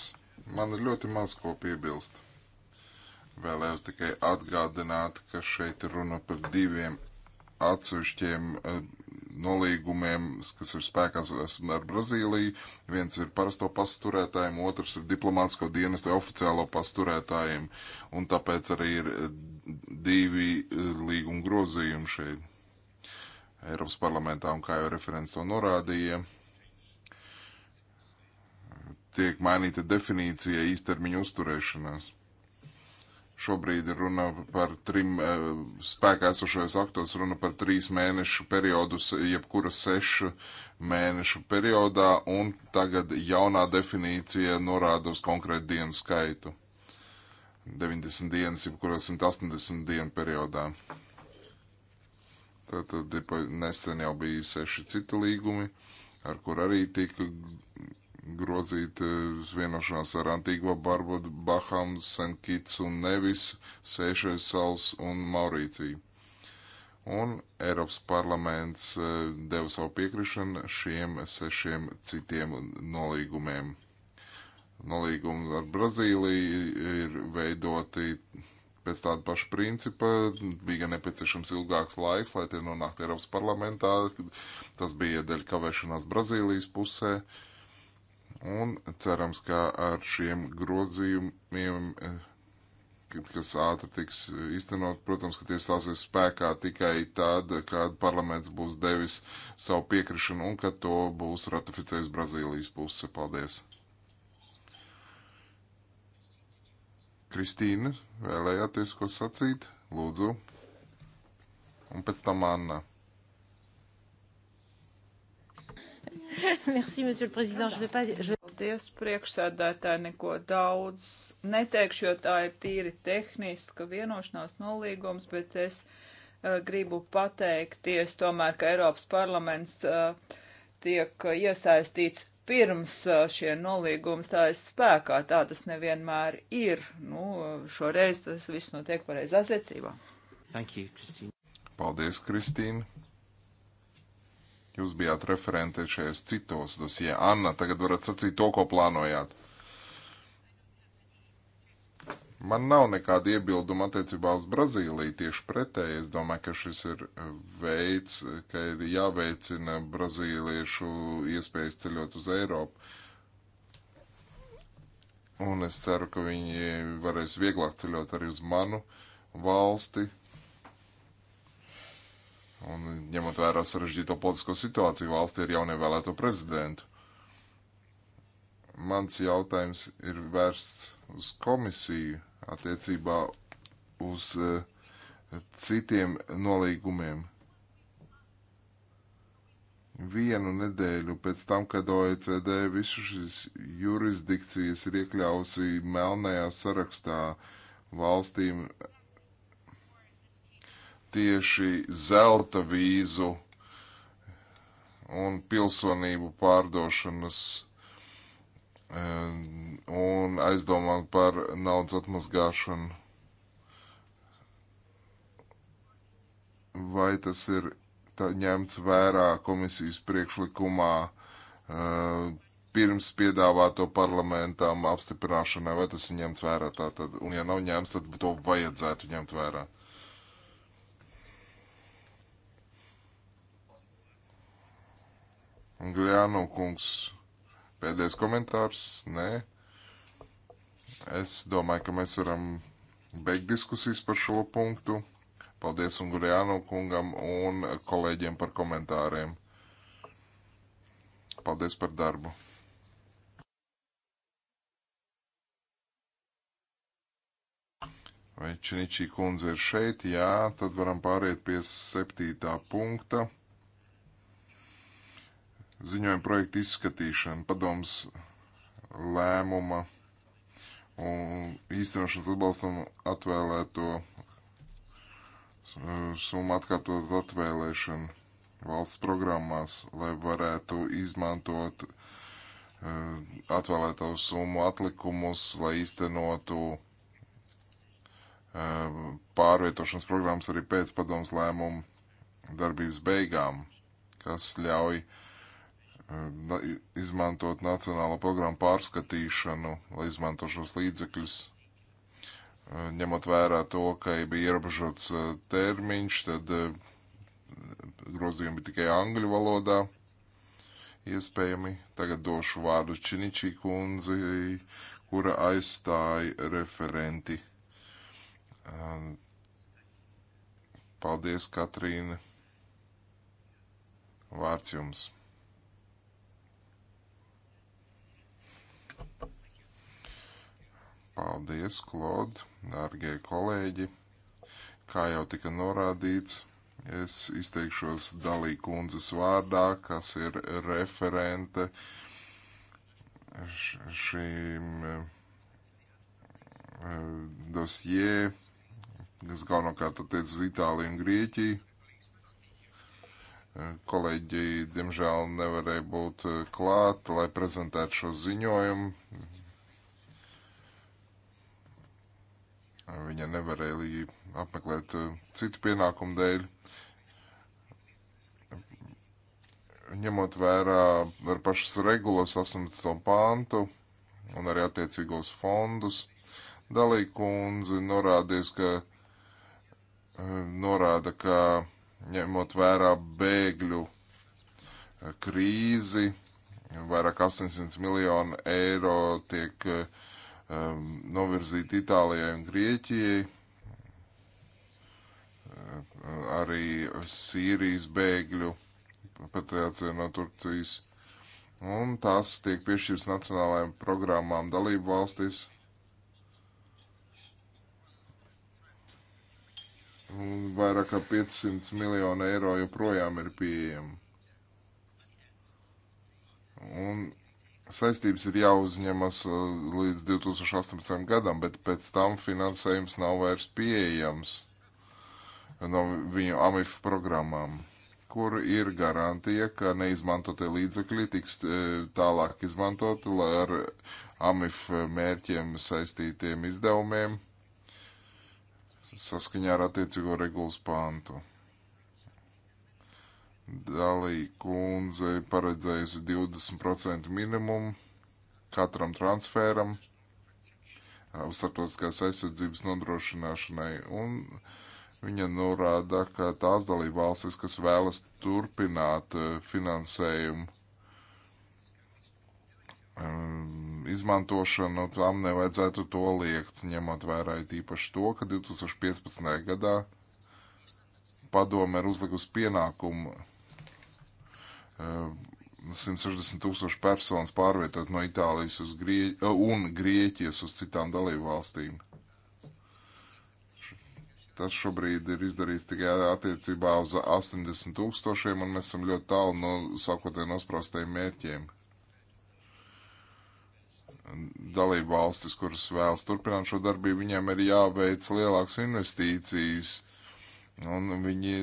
Man ir ļoti maz ko piebilst. Vēlējos tikai atgādināt, ka šeit ir runa par diviem atsevišķiem eh, nolīgumiem, kas ir spēkā ar Brazīliju. Viens ir parasto pasturētājiem, otrs ir diplomātsko dienestu oficiālo pasturētājiem, un tāpēc arī ir eh, divi eh, līguma grozījumi šeit Eiropas parlamentā, un kā jau referents to norādīja tiek mainīta definīcija īstermiņa uzturēšanās. Šobrīd runa par trim eh, spēkā esošajos aktos, runa par trīs mēnešu periodus, jebkura sešu mēnešu periodā, un tagad jaunā definīcija norāda uz konkrētu dienu skaitu. 90 dienas, jebkurā 180 dienu periodā. Tad, tad nesen jau bija seši citi līgumi, ar kur arī tika grozīt vienošanās ar Antīgo Barbudu, Baham, Sankits un Nevis, Seišais Sals un Maurīciju. Un Eiropas parlaments eh, deva savu piekrišanu šiem sešiem citiem nolīgumiem. Nolīgumi ar Brazīliju ir veidoti pēc tāda paša principa. Bija gan nepieciešams ilgāks laiks, lai tie nonāktu Eiropas parlamentā. Tas bija dēļ kavēšanās Brazīlijas pusē. Uh, Un cerams, ka ar šiem grozījumiem, eh, kas ātri tiks eh, īstenot, protams, ka tie stāsies spēkā tikai tad, kad parlaments būs devis savu piekrišanu un kad to būs ratificējis Brazīlijas puse. Paldies! Kristīna, vēlējāties ko sacīt? Lūdzu. Un pēc tam Anna. Merci, monsieur le président. Je vais pas, je... Paldies, priekšsēdētāji, neko daudz neteikšu, jo tā ir tīri tehniska vienošanās nolīgums, bet es uh, gribu pateikties tomēr, ka Eiropas parlaments uh, tiek iesaistīts pirms eh, šie nolīgumi stājas spēkā. Tā tas nevienmēr ir. Nu, šoreiz tas viss notiek pareizā secībā. Paldies, Kristīna! Jūs bijāt referente šajos citos dosie. Anna, tagad varat sacīt to, ko plānojāt. Man nav nekāda iebilduma attiecībā uz Brazīliju, tieši pretēji. Es domāju, ka šis ir veids, ka ir jāveicina brazīliešu iespējas ceļot uz Eiropu. Un es ceru, ka viņi varēs vieglāk ceļot arī uz manu valsti, un ņemot vērā sarežģīto politisko situāciju valstī ar jaunievēlēto prezidentu. Mans jautājums ir vērsts uz komisiju attiecībā uz uh, citiem nolīgumiem. Vienu nedēļu pēc tam, kad OECD visu šīs jurisdikcijas ir iekļausi melnajā sarakstā valstīm tieši zelta vīzu un pilsonību pārdošanas e, un aizdomām par naudas atmazgāšanu. Vai tas ir tā, ņemts vērā komisijas priekšlikumā e, pirms piedāvāto parlamentam apstiprināšanai, vai tas ir ņemts vērā tā tad, un ja nav ņemts, tad to vajadzētu ņemt vērā. Gujānu kungs, pēdējais komentārs? Nē. Es domāju, ka mēs varam beigt diskusijas par šo punktu. Paldies un Gujānu kungam un kolēģiem par komentāriem. Paldies par darbu. Vai Čeničī kundze ir šeit? Jā, tad varam pāriet pie septītā punkta ziņojuma projekta izskatīšana, padoms lēmuma un īstenošanas atbalstam atvēlēto summu atkārtot atvēlēšanu valsts programmās, lai varētu izmantot e, atvēlēto summu atlikumus, lai īstenotu e, pārvietošanas programmas arī pēc padomas lēmumu darbības beigām, kas ļauj uh, izmantot Nacionālo programmu pārskatīšanu, lai izmanto šos līdzekļus. Eh, ņemot vērā to, ka bija ierobežots eh, termiņš, tad eh, grozījumi tikai angļu valodā iespējami. Tagad došu vārdu Činičī kundzei, kura aizstāja referenti. Paldies, Katrīna! Vārds jums! Paldies, Klod, dārgie kolēģi. Kā jau tika norādīts, es izteikšos Dalī kundzes vārdā, kas ir referente šīm eh, dosjē, kas galvenokārt attiec uz Itāliju un Grieķiju. Eh, kolēģi, diemžēl, nevarēja būt eh, klāt, lai prezentētu šo ziņojumu. Viņa nevarēja apmeklēt uh, citu pienākumu dēļ. Ņemot vērā ar pašas regulas 18. pāntu un arī attiecīgos fondus, Dalīja kundze norādījis, ka uh, norāda, ka ņemot vērā bēgļu uh, krīzi, vairāk 800 miljonu eiro tiek uh, um, novirzīt Itālijai un Grieķijai, ehm, arī Sīrijas bēgļu repatriācija no Turcijas, un tās tiek piešķirts nacionālajām programmām dalību valstīs. Un vairāk kā 500 miljonu eiro joprojām ir pieejama. Un saistības ir jāuzņemas eh, līdz 2018. gadam, bet pēc tam finansējums nav vairs pieejams no viņu AMIF programmām, kur ir garantija, ka neizmantotie līdzekļi tiks eh, tālāk izmantoti ar AMIF mērķiem saistītiem izdevumiem saskaņā ar attiecīgo regulas pāntu. Dalī kundze paredzējusi 20% minimumu katram transferam starptautiskās aizsardzības nodrošināšanai, un viņa norāda, ka tās dalība valstis, kas vēlas turpināt finansējumu izmantošanu, tam nevajadzētu to liekt, ņemot vērā īpaši to, ka 2015. gadā padome ir uzlikusi pienākumu 160 tūkstoši personas pārvietot no Itālijas uz Grie un Grieķijas uz citām dalību valstīm. Tas šobrīd ir izdarīts tikai attiecībā uz 80 tūkstošiem, un mēs esam ļoti tālu no sākotnēji nosprostajiem mērķiem. Dalību valstis, kuras vēlas turpināt šo darbību, viņiem ir jāveic lielākas investīcijas, un viņi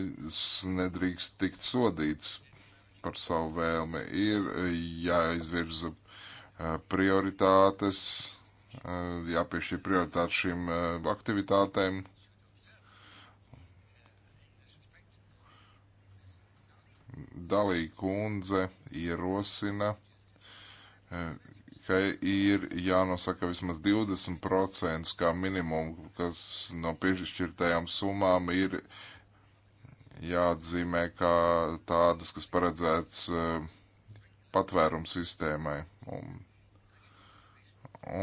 nedrīkst tikt sodīts par savu vēlmi. Ir jāizvirza prioritātes, jāpiešķir prioritāte šīm aktivitātēm. Dalī kundze ierosina, ka ir jānosaka vismaz 20% kā minimumu, kas no piešķirtajām summām ir uh, jāatzīmē kā tādas, kas paredzēts eh, patvērums sistēmai. Un,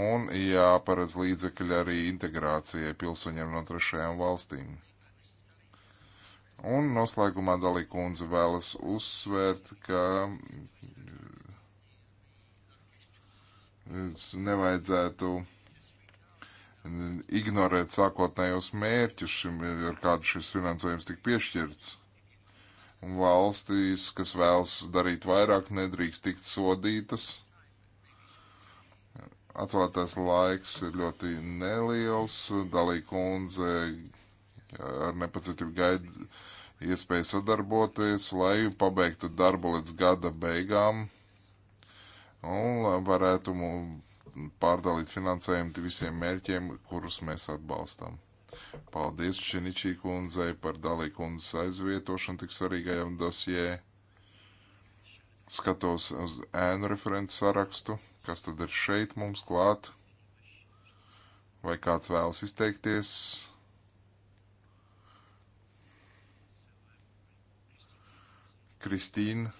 un jāparedz līdzekļi arī integrācijai pilsoņiem no trešajām valstīm. Un noslēgumā Dalī kundze vēlas uzsvērt, ka mm, nevajadzētu ignorēt sākotnējos mērķus, ar kādu šis finansējums tika piešķirts. Un valstīs, kas vēlas darīt vairāk, nedrīkst tikt sodītas. Atvēlētais laiks ir ļoti neliels. Dalīja kundze ar nepacietību gaida iespēju sadarboties, lai pabeigtu darbu līdz gada beigām un varētu mums pārdalīt finansējumu visiem mērķiem, kurus mēs atbalstam. Paldies Čeničī kundzei par dalī kundzes aizvietošanu tik svarīgajam dosijai. Skatos uz ēnu referents sarakstu, kas tad ir šeit mums klāt. Vai kāds vēlas izteikties? Kristīna.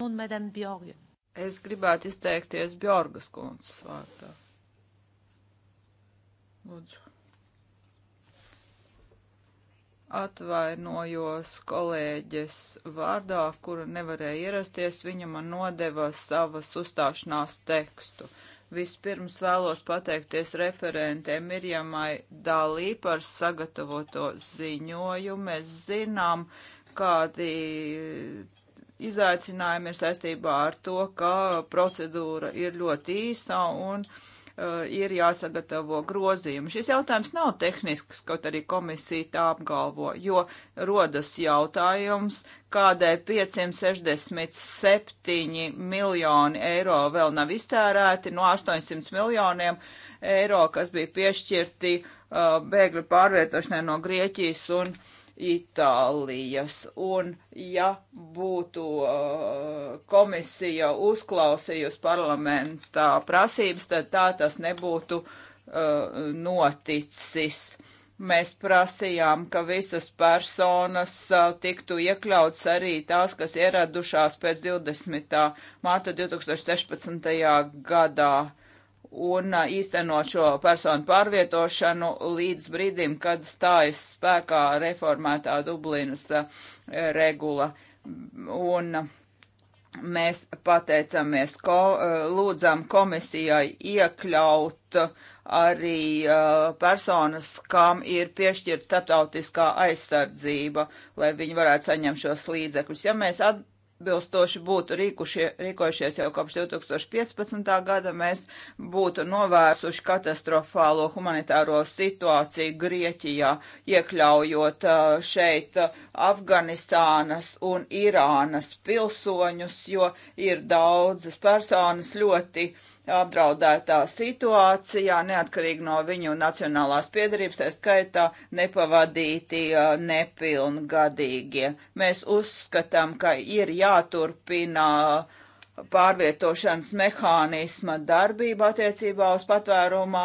Un Madame Bjorgen. Es gribētu izteikties Bjorgas kundzes vārtā. Lūdzu. Atvainojos kolēģes vārdā, kura nevarēja ierasties, viņa man nodeva savas uzstāšanās tekstu. Vispirms vēlos pateikties referentiem Mirjamai Dālī par sagatavoto ziņojumu. Mēs zinām, kādi izaicinājumi ir saistībā ar to, ka procedūra ir ļoti īsa un uh, ir jāsagatavo grozījumi. Šis jautājums nav tehnisks, kaut arī komisija tā apgalvo, jo rodas jautājums, kādēļ 567 miljoni eiro vēl nav iztērēti no 800 miljoniem eiro, kas bija piešķirti uh, bēgļu pārvietošanai no Grieķijas un uh, Itālijas. Un ja būtu uh, komisija uzklausījusi parlamentā prasības, tad tā tas nebūtu uh, noticis. Mēs prasījām, ka visas personas uh, tiktu iekļauts arī tās, kas ieradušās pēc 20. mārta 2016. gadā un īstenot šo personu pārvietošanu līdz brīdim, kad stājas spēkā reformētā Dublinas regula. Un mēs pateicamies, ko, lūdzam komisijai iekļaut arī personas, kam ir piešķirta starptautiskā aizsardzība, lai viņi varētu saņemt šos līdzekļus. Ja mēs at atbilstoši būtu rīkušie, rīkojušies jau kopš 2015. gada, mēs būtu novērsuši katastrofālo humanitāro situāciju Grieķijā, iekļaujot šeit Afganistānas un Irānas pilsoņus, jo ir daudzas personas ļoti apdraudētā situācijā, neatkarīgi no viņu nacionālās piedarības, tā skaitā nepavadīti nepilngadīgie. Mēs uzskatām, ka ir jāturpina uh, pārvietošanas mehānisma darbība attiecībā uz patvērumā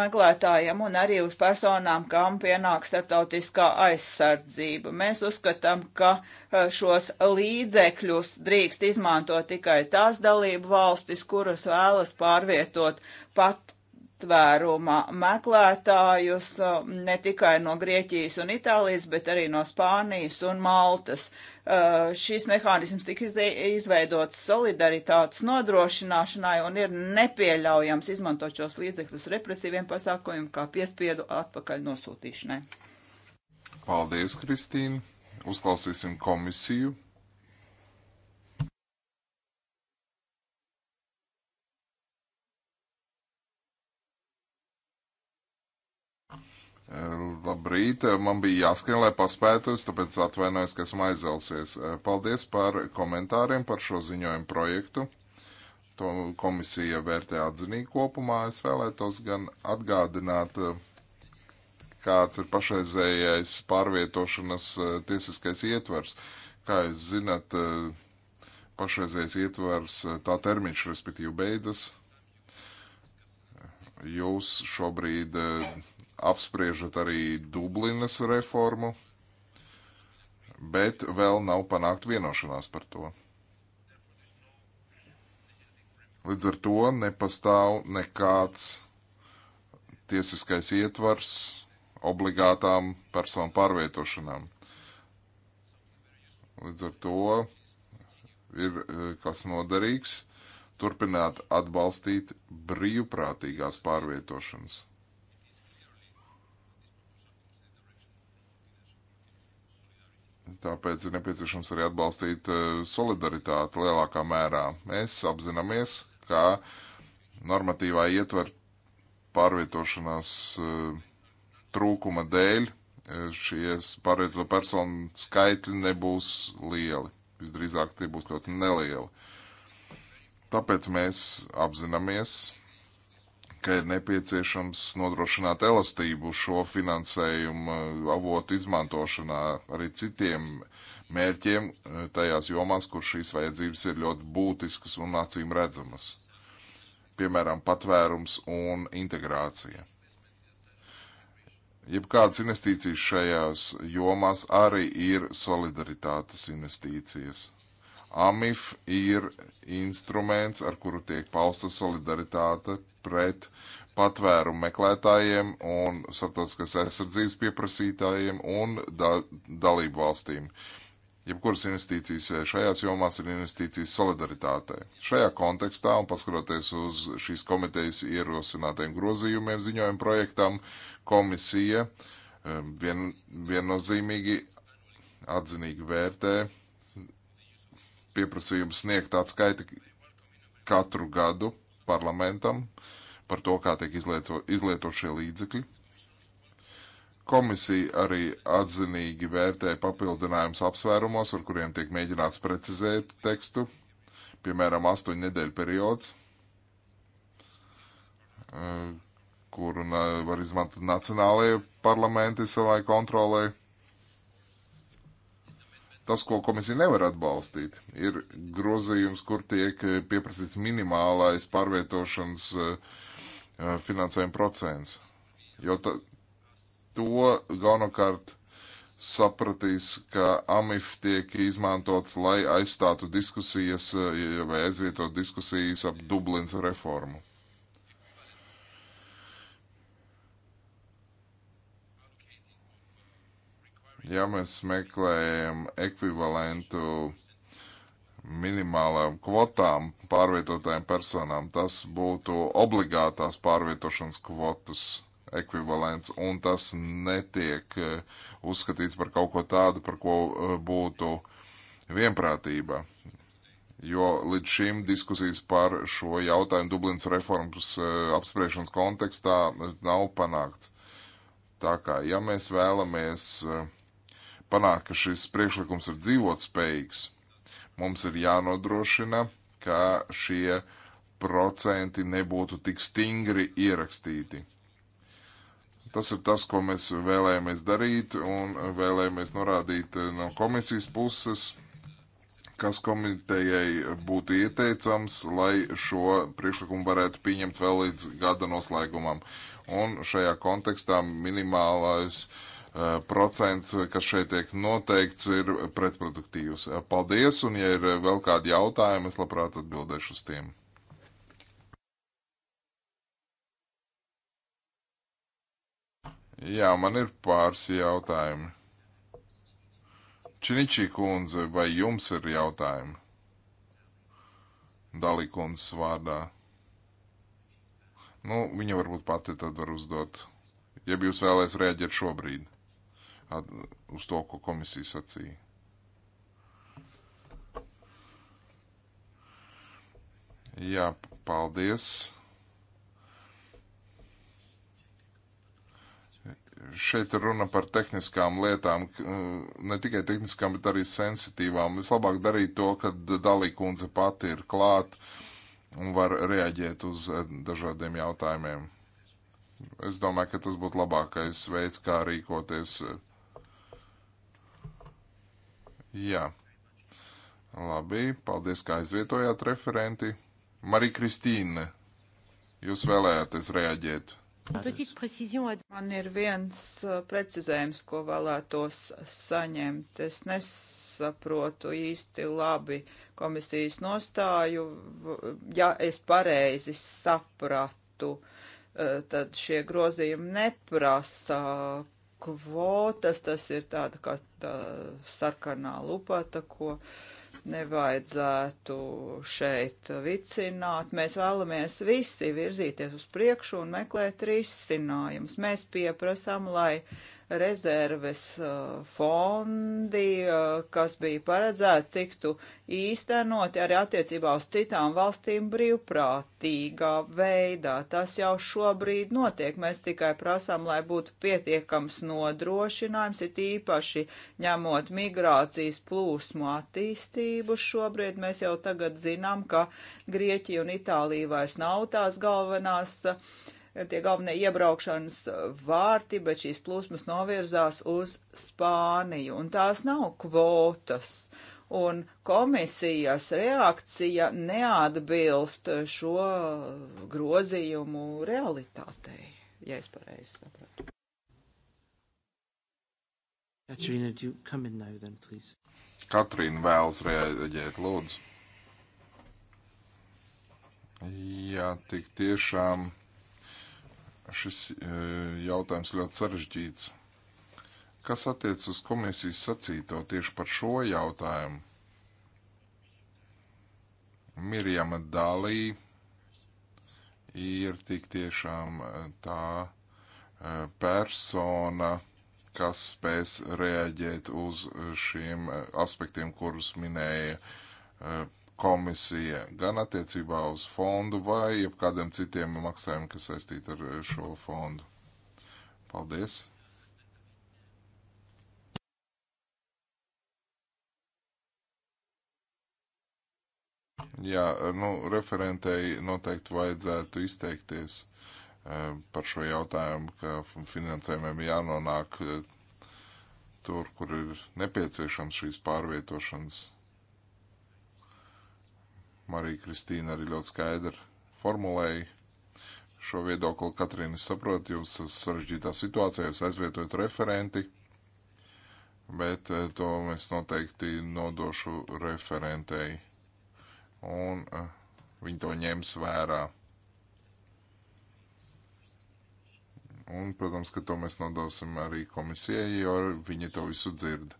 meklētājiem un arī uz personām, kam pienāk starptautiskā aizsardzība. Mēs uzskatām, ka e, šos līdzekļus drīkst izmantot tikai tās dalību valstis, kuras vēlas pārvietot pat patvēruma meklētājus ne tikai no Grieķijas un Itālijas, bet arī no Spānijas un Maltas. Šis mehānisms tika izveidots solidaritātes nodrošināšanai un ir nepieļaujams izmantot šos līdzekļus represīviem pasākumiem, kā piespiedu atpakaļ nosūtīšanai. Paldies, Kristīne! Uzklausīsim komisiju. Labrīt, man bija jāskrien, lai paspētu, tāpēc atvainojos, ka esmu aizelsies. Paldies par komentāriem par šo ziņojumu projektu. To komisija vērtē atzinīgi kopumā. Es vēlētos gan atgādināt, kāds ir pašreizējais pārvietošanas eh, tiesiskais ietvers. Kā jūs zinat, eh, pašreizējais ietvers, eh, tā termiņš, respektīvi, beidzas. Jūs šobrīd. Uh, apspriežot arī Dublinas reformu, bet vēl nav panākt vienošanās par to. Līdz ar to nepastāv nekāds tiesiskais ietvars obligātām personu pārvietošanām. Līdz ar to ir eh, kas noderīgs turpināt atbalstīt brīvprātīgās pārvietošanas. Tāpēc ir nepieciešams arī atbalstīt eh, solidaritāti lielākā mērā. Mēs apzināmies, ka normatīvā ietver pārvietošanās eh, trūkuma dēļ eh, šies pārvietoto personu skaitļi nebūs lieli. Visdrīzāk tie būs ļoti nelieli. Tāpēc mēs apzināmies, ka ir nepieciešams nodrošināt elastību šo finansējumu avotu izmantošanā arī citiem mērķiem eh, tajās jomās, kur šīs vajadzības ir ļoti būtiskas un acīm redzamas. Piemēram, patvērums un integrācija. Jebkādas investīcijas šajās jomās arī ir solidaritātes investīcijas. AMIF ir instruments, ar kuru tiek pausta solidaritāte pret patvērumu meklētājiem un starptautiskās aizsardzības pieprasītājiem un da dalību valstīm. Jebkuras investīcijas šajās jomās ir investīcijas solidaritātei. Šajā kontekstā un paskatoties uz šīs komitejas ierosinātajiem grozījumiem ziņojumu projektam, komisija um, vien, viennozīmīgi atzinīgi vērtē pieprasījumu sniegt atskaiti katru gadu parlamentam par to, kā tiek izlieto šie līdzekļi. Komisija arī atzinīgi vērtē papildinājumus apsvērumos, ar kuriem tiek mēģināts precizēt tekstu, piemēram, astoņu nedēļu periods, eh, kuru var izmantot nacionālajie parlamenti savai kontrolē. Tas, ko komisija nevar atbalstīt, ir grozījums, kur tiek pieprasīts minimālais pārvietošanas eh, finansējuma procents. Jo ta, to galvenokārt sapratīs, ka AMIF tiek izmantots, lai aizstātu diskusijas eh, vai aizvietotu diskusijas ap Dublins reformu. ja mēs meklējam ekvivalentu minimālām kvotām pārvietotājiem personām, tas būtu obligātās pārvietošanas kvotas ekvivalents, un tas netiek e, uzskatīts par kaut ko tādu, par ko e, būtu vienprātība. Jo līdz šim diskusijas par šo jautājumu Dublinas reformas e, apspriešanas kontekstā nav panākts. Tā kā, ja mēs vēlamies uh, panākt, ka šis priekšlikums ir dzīvotspējīgs, mums ir jānodrošina, ka šie procenti nebūtu tik stingri ierakstīti. Tas ir tas, ko mēs vēlējāmies darīt un vēlējāmies norādīt no komisijas puses, kas komitejai būtu ieteicams, lai šo priekšlikumu varētu pieņemt vēl līdz gada noslēgumam. Un šajā kontekstā minimālais uh, procents, kas šeit tiek noteikts, ir pretproduktīvs. Paldies, un ja ir vēl kādi jautājumi, es labprāt atbildēšu uz tiem. Jā, man ir pāris jautājumi. Činičī kundze, vai jums ir jautājumi? Dalī kundzes vārdā. Nu, viņa varbūt pati tad var uzdot, ja jūs vēlēs rēģēt šobrīd uz to, ko komisija sacīja. Jā, paldies. Šeit ir runa par tehniskām lietām, ne tikai tehniskām, bet arī sensitīvām. Vislabāk darīt to, kad dalīkundze pati ir klāt un var reaģēt uz eh, dažādiem jautājumiem. Es domāju, ka tas būtu labākais veids, kā rīkoties. Uh, Jā. Labi, paldies, ka aizvietojāt referenti. Marija Kristīne, jūs vēlējāties reaģēt. Man ir viens uh, precizējums, ko vēlētos saņemt. Es nesaprotu īsti labi komisijas nostāju. Ja es pareizi sapratu, uh, tad šie grozījumi neprasa kvotas, tas ir tāda kā tā sarkanā lupata, ko nevajadzētu šeit vicināt. Mēs vēlamies visi virzīties uz priekšu un meklēt risinājumus. Mēs pieprasām, lai rezerves uh, fondi, uh, kas bija paredzēti, tiktu īstenoti arī attiecībā uz citām valstīm brīvprātīgā veidā. Tas jau šobrīd notiek. Mēs tikai prasām, lai būtu pietiekams nodrošinājums, ir īpaši ņemot migrācijas plūsmu attīstību. Šobrīd mēs jau tagad zinām, ka Grieķija un Itālija vairs nav tās galvenās. Uh, tie galvenie iebraukšanas vārti, bet šīs plūsmas novirzās uz Spāniju, un tās nav kvotas. Un komisijas reakcija neatbilst šo grozījumu realitātei, ja es pareizi sapratu. Katrīna, do you come in now then, please? Katrīna vēlas reaģēt, lūdzu. Jā, tik tiešām šis e, jautājums ļoti sarežģīts. Kas attiec uz komisijas sacīto tieši par šo jautājumu? Mirjama Dālī ir tik tiešām e, tā e, persona, kas spēs reaģēt uz šiem aspektiem, kurus minēja komisija gan attiecībā uz fondu vai jebkādiem citiem maksājumiem, kas saistīti ar šo fondu. Paldies! Jā, nu, referentei noteikti vajadzētu izteikties eh, par šo jautājumu, ka finansējumiem jānonāk eh, tur, kur ir nepieciešams šīs pārvietošanas Marija Kristīna arī ļoti skaidri formulēja šo viedokli. Katrīna, es saprotu, jūs esat sarežģītā situācijā, jūs aizvietojat referenti, bet eh, to es noteikti nodošu referentei, un eh, viņi to ņems vērā. Un, protams, ka to mēs nodosim arī komisijai, jo viņi to visu dzird.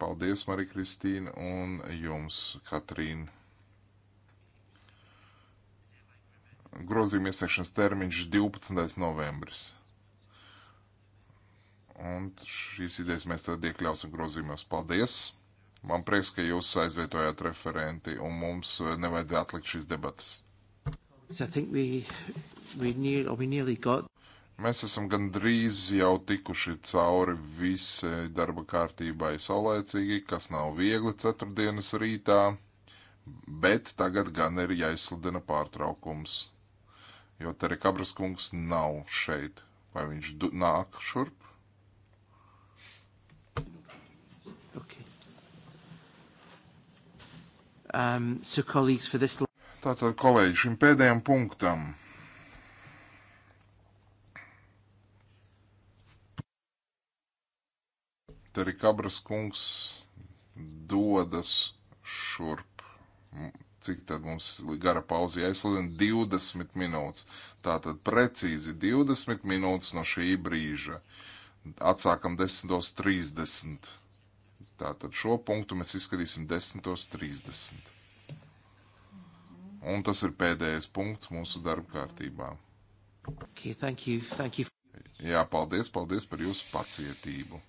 Paldies, Marija Kristīna, un jums, Katrīna. Grozījuma iesniegšanas termiņš 12. novembris. Un šīs idejas mēs tad iekļausim grozījumos. Paldies! Man prieks, ka jūs aizvietojāt referenti, un mums nevajadzēja atlikt šīs debatas. So I think we, we, near, or we nearly got Mēs esam gandrīz jau tikuši cauri visai darba kārtībai saulēcīgi, kas nav viegli ceturtdienas rītā, bet tagad gan ir jāizsludina pārtraukums, jo Terekabras kungs nav šeit. Vai viņš nāk šurp? Okay. Um, so colleagues, for this... Tātad, kolēģi, šim pēdējam punktam Teri Kabras kungs dodas šurp. Cik tad mums gara pauze jāizsludina? 20 minūtes. Tātad precīzi 20 minūtes no šī brīža. Atsākam 10.30. Tātad šo punktu mēs izskatīsim 10.30. Un tas ir pēdējais punkts mūsu darba kārtībā. Okay, thank you, thank you. Jā, paldies, paldies par jūsu pacietību.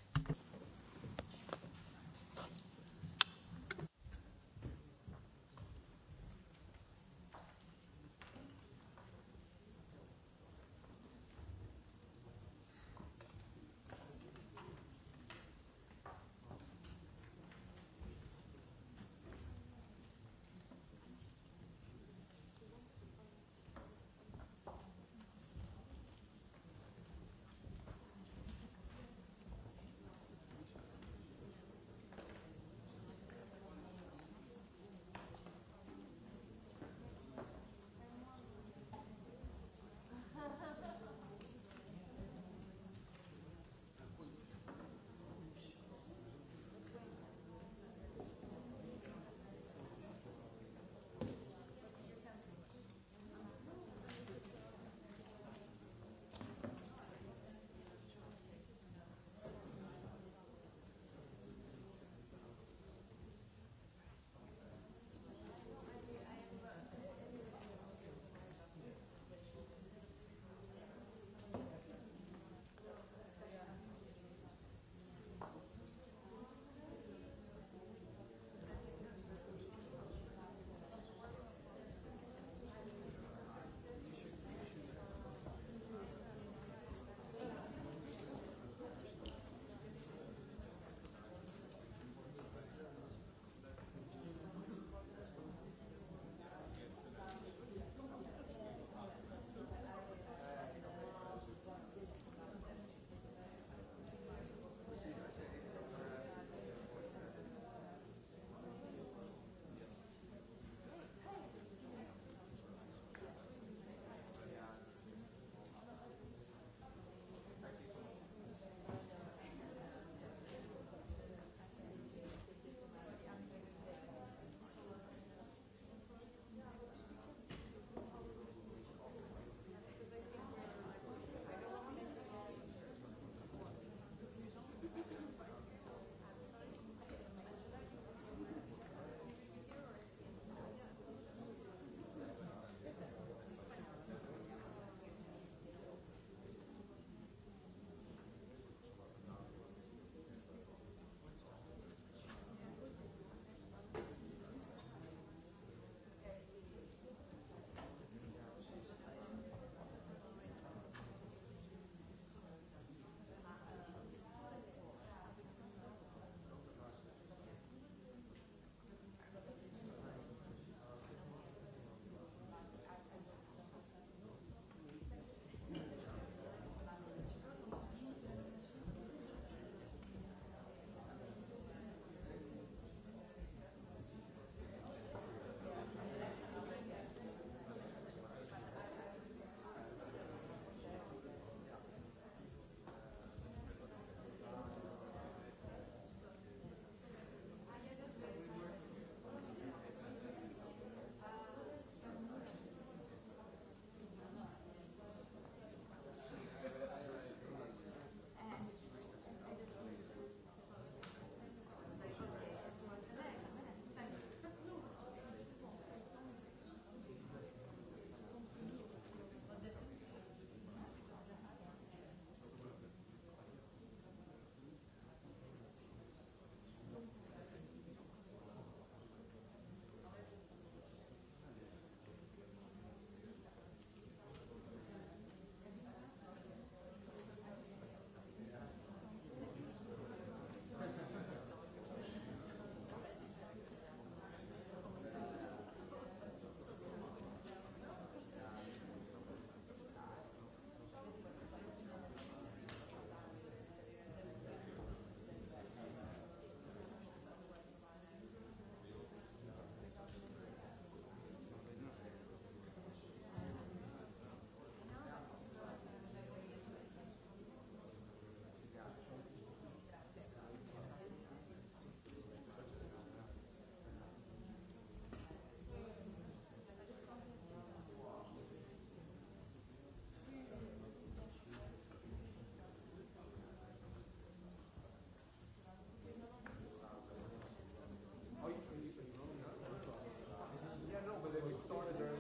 started early.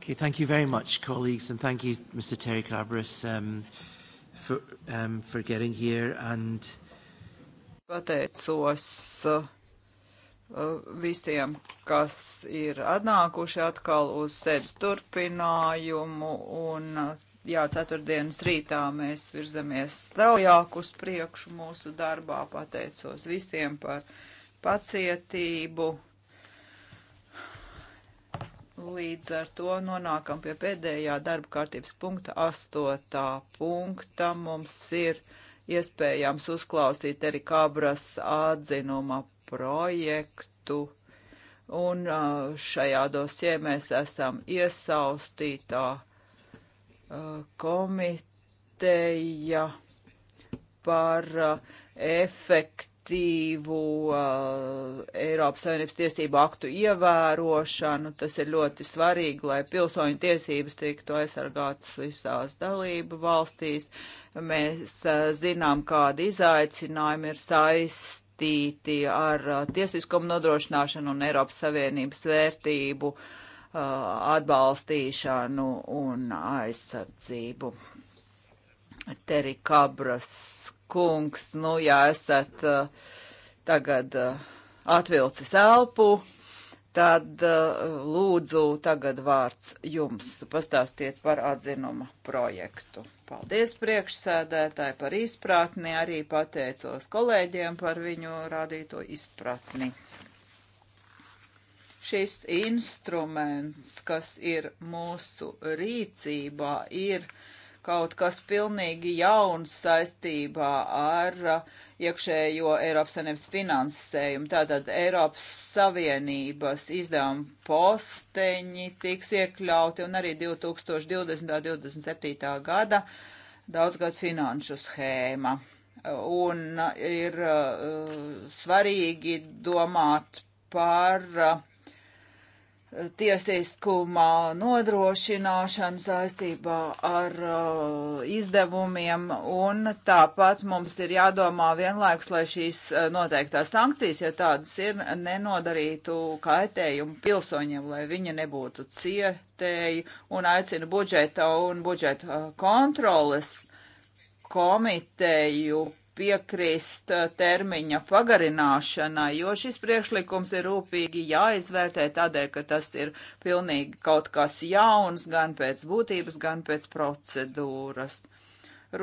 Okay, thank you very much, colleagues, and thank you, Mr. Terry Cabras, um, for, um, for getting here. And pateicos uh, visiem, kas ir atnākuši atkal uz sēdes turpinājumu. Un, uh, jā, ceturtdienas rītā mēs virzamies straujāk uz priekšu mūsu darbā. Pateicos visiem par pacietību. Līdz ar to nonākam pie pēdējā darba kārtības punkta, astotā punkta. Mums ir iespējams uzklausīt arī Kabras atzinuma projektu. Un šajā dosie mēs esam iesaustītā komiteja par efektu efektīvu uh, Eiropas Savienības tiesību aktu ievērošanu. Tas ir ļoti svarīgi, lai pilsoņu tiesības tiktu aizsargātas visās dalību valstīs. Mēs uh, zinām, kādi izaicinājumi ir saistīti ar uh, tiesiskumu nodrošināšanu un Eiropas Savienības vērtību uh, atbalstīšanu un aizsardzību. Terikabras kungs, nu, ja esat eh, tagad eh, atvilcis elpu, tad eh, lūdzu tagad vārds jums. Pastāstiet par atzinuma projektu. Paldies priekšsēdētāji par izpratni, arī pateicos kolēģiem par viņu rādīto izpratni. Šis instruments, kas ir mūsu rīcībā, ir uh, kaut kas pilnīgi jauns saistībā ar uh, iekšējo Eiropas Savienības finansējumu. Tātad Eiropas Savienības izdevuma posteņi tiks iekļauti un arī 2020. 2027. gada daudzgad finanšu schēma. Un ir uh, svarīgi domāt par uh, tiesiskumā nodrošināšanu saistībā ar uh, izdevumiem, un tāpat mums ir jādomā vienlaikus, lai šīs uh, noteiktās sankcijas, ja tādas ir, nenodarītu kaitējumu pilsoņiem, lai viņi nebūtu cietēji, un aicinu budžeta un budžeta uh, kontroles komiteju piekrist uh, termiņa pagarināšanai, jo šis priekšlikums ir rūpīgi jāizvērtē tādēļ, ka tas ir pilnīgi kaut kas jauns gan pēc būtības, gan pēc procedūras.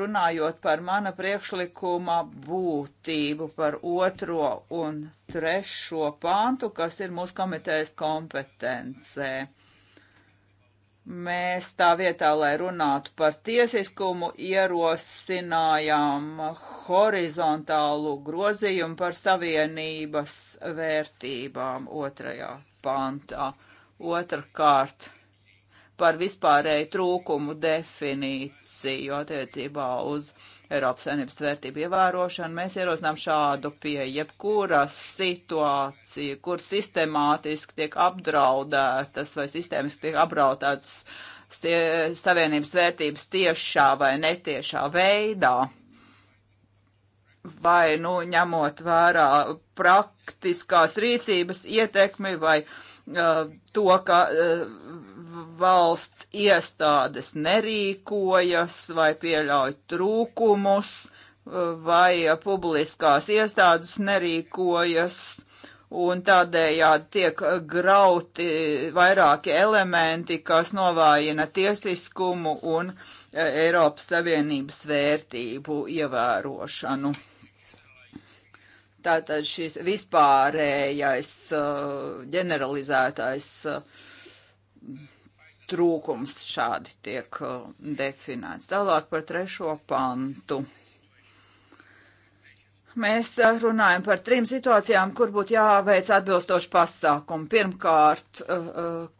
Runājot par mana priekšlikuma būtību, par otro un trešo pāntu, kas ir mūsu komitejas kompetencē Mēs tā vietā, lai runātu par tiesiskumu, ierosinājām horizontālu grozījumu par savienības vērtībām otrajā pantā. Otrakārt, par vispārēju trūkumu definīciju attiecībā uz uh, Eiropas saimnības vērtību ievērošanu. Mēs ierosinām šādu pie jebkura situācija, kur sistemātiski tiek apdraudētas vai sistēmiski tiek apdraudētas savienības vērtības tiešā vai netiešā veidā. Vai nu ņemot vērā praktiskās rīcības ietekmi vai uh, to, ka uh, valsts iestādes nerīkojas vai pieļauj trūkumus, vai publiskās iestādes nerīkojas, un tādējādi tiek grauti vairāki elementi, kas novājina tiesiskumu un e, Eiropas Savienības vērtību ievērošanu. Tātad šis vispārējais, e, ģeneralizētais uh, trūkums šādi tiek uh, definēts. Tālāk par trešo pantu. Mēs uh, runājam par trim situācijām, kur būtu jāveic atbilstoši pasākumi. Pirmkārt, uh,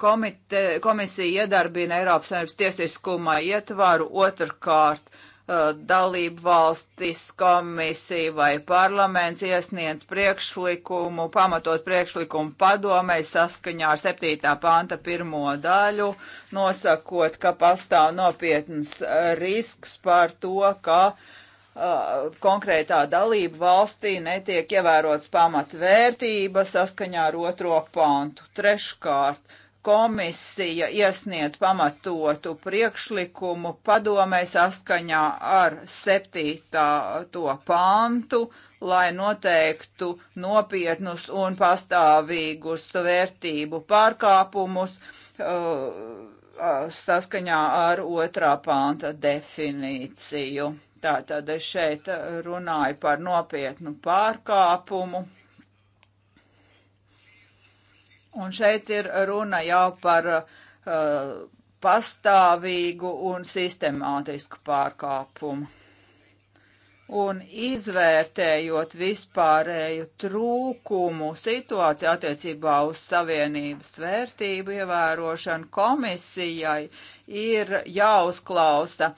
komite, komisija iedarbina Eiropas Savienības tiesiskuma ietvaru, otrkārt, uh, Uh, dalību valstis komisija vai parlaments iesniedz priekšlikumu, pamatot priekšlikumu padomē saskaņā ar 7. panta pirmo daļu, nosakot, ka pastāv nopietns risks par to, ka uh, konkrētā dalība valstī netiek ievērots pamatvērtības saskaņā ar otro pantu. Treškārt, komisija iesniedz pamatotu priekšlikumu padomē saskaņā ar 7. pantu, lai noteiktu nopietnus un pastāvīgus vērtību pārkāpumus uh, uh, saskaņā ar 2. panta definīciju. Tātad šeit runāju par nopietnu pārkāpumu Un šeit ir runa jau par uh, pastāvīgu un sistemātisku pārkāpumu un izvērtējot vispārēju trūkumu situāciju attiecībā uz savienības vērtību ievērošanu komisijai ir jāuzklausa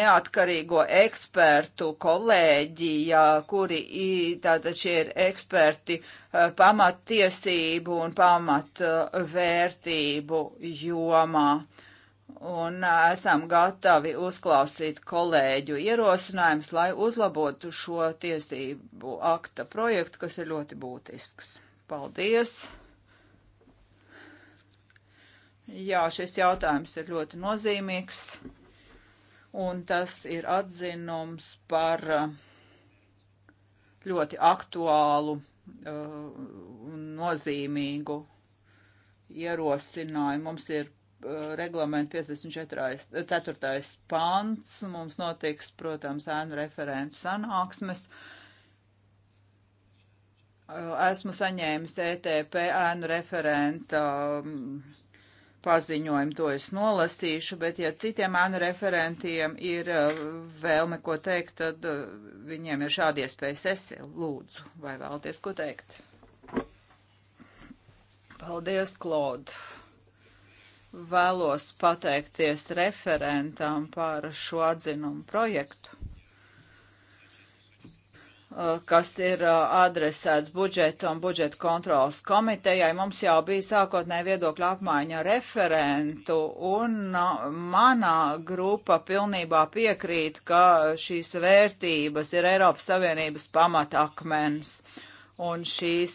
neatkarīgo ekspertu kolēģijā, kuri tātad šie ir eksperti e, pamattiesību un pamatvērtību jomā. Uh, un esam gatavi uzklausīt kolēģu ierosinājums, lai uzlabotu šo tiesību akta projektu, kas ir ļoti būtisks. Paldies! Jā, šis jautājums ir ļoti nozīmīgs, un tas ir atzinums par ļoti aktuālu un nozīmīgu ierosinājumu. Mums ir reglamentu 54. pants. Mums notiks, protams, ēnu referentu sanāksmes. Esmu saņēmis ETP ēnu referenta um, paziņojumu, to es nolasīšu, bet ja citiem ēnu referentiem ir uh, vēlme ko teikt, tad uh, viņiem ir šādi iespējas. Es lūdzu, vai vēlties ko teikt? Paldies, Klauds! Vēlos pateikties referentam par šo atzinumu projektu eh, kas ir eh, adresēts budžeta un budžeta kontrolas komitejai. Mums jau bija sākotnēji viedokļa apmaiņa referentu, un eh, manā grupa pilnībā piekrīt, ka šīs vērtības ir Eiropas Savienības pamatakmens. Uh, un šīs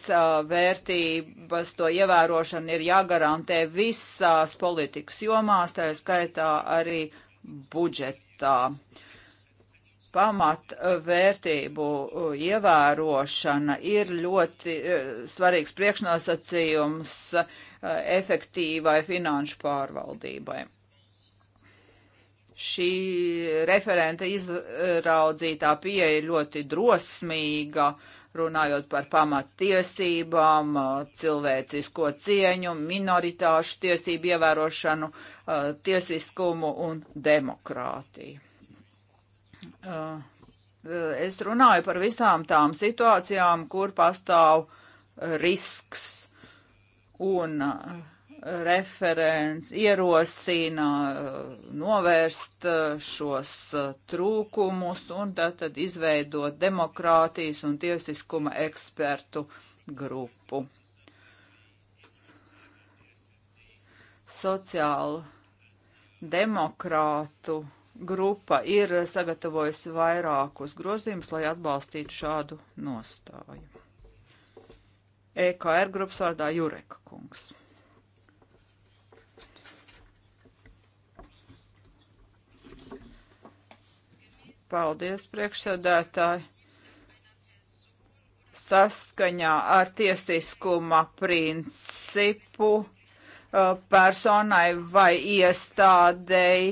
vērtības to ievērošana ir jāgarantē visās politikas jomās, tā skaitā arī budžetā. Pamat vērtību ievērošana ir ļoti svarīgs priekšnosacījums efektīvai finanšu pārvaldībai. Šī referenta izraudzītā pieeja ļoti drosmīga, uh, runājot par pamattiesībām, cilvēcisko cieņu, minoritāšu tiesību ievērošanu, tiesiskumu un demokrātiju. Es runāju par visām tām situācijām, kur pastāv risks un uh, referents ierosina uh, novērst uh, šos uh, trūkumus un tātad izveidot demokrātijas un tiesiskuma ekspertu grupu. Sociāla demokrātu grupa ir sagatavojusi vairākus grozījumus, lai atbalstītu šādu nostāju. EKR grupas vārdā Jureka kungs. Paldies, priekšsēdētāji. Saskaņā ar tiesiskuma principu uh, personai vai iestādēji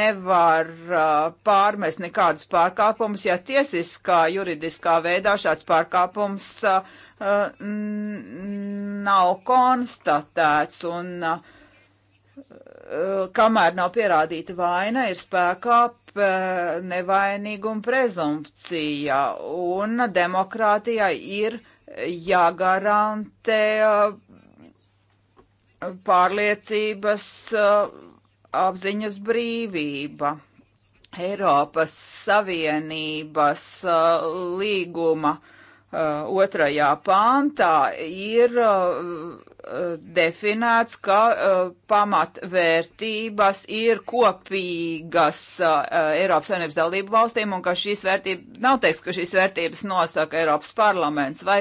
nevar uh, pārmest nekādus pārkāpumus, ja tiesiskā, juridiskā veidā šāds pārkāpums uh, nav konstatēts. Un, uh, kamēr nav pierādīta vaina, ir spēkā nevainīguma prezumpcija, un demokrātijā ir jāgarantē uh, pārliecības uh, apziņas brīvība. Eiropas Savienības uh, līguma Eh, otrajā pāntā ir eh, definēts, ka eh, pamatvērtības ir kopīgas Eiropas Savienības dalību valstīm un ka šīs vērtības, nav teiks, ka šīs vērtības nosaka Eiropas parlaments, vai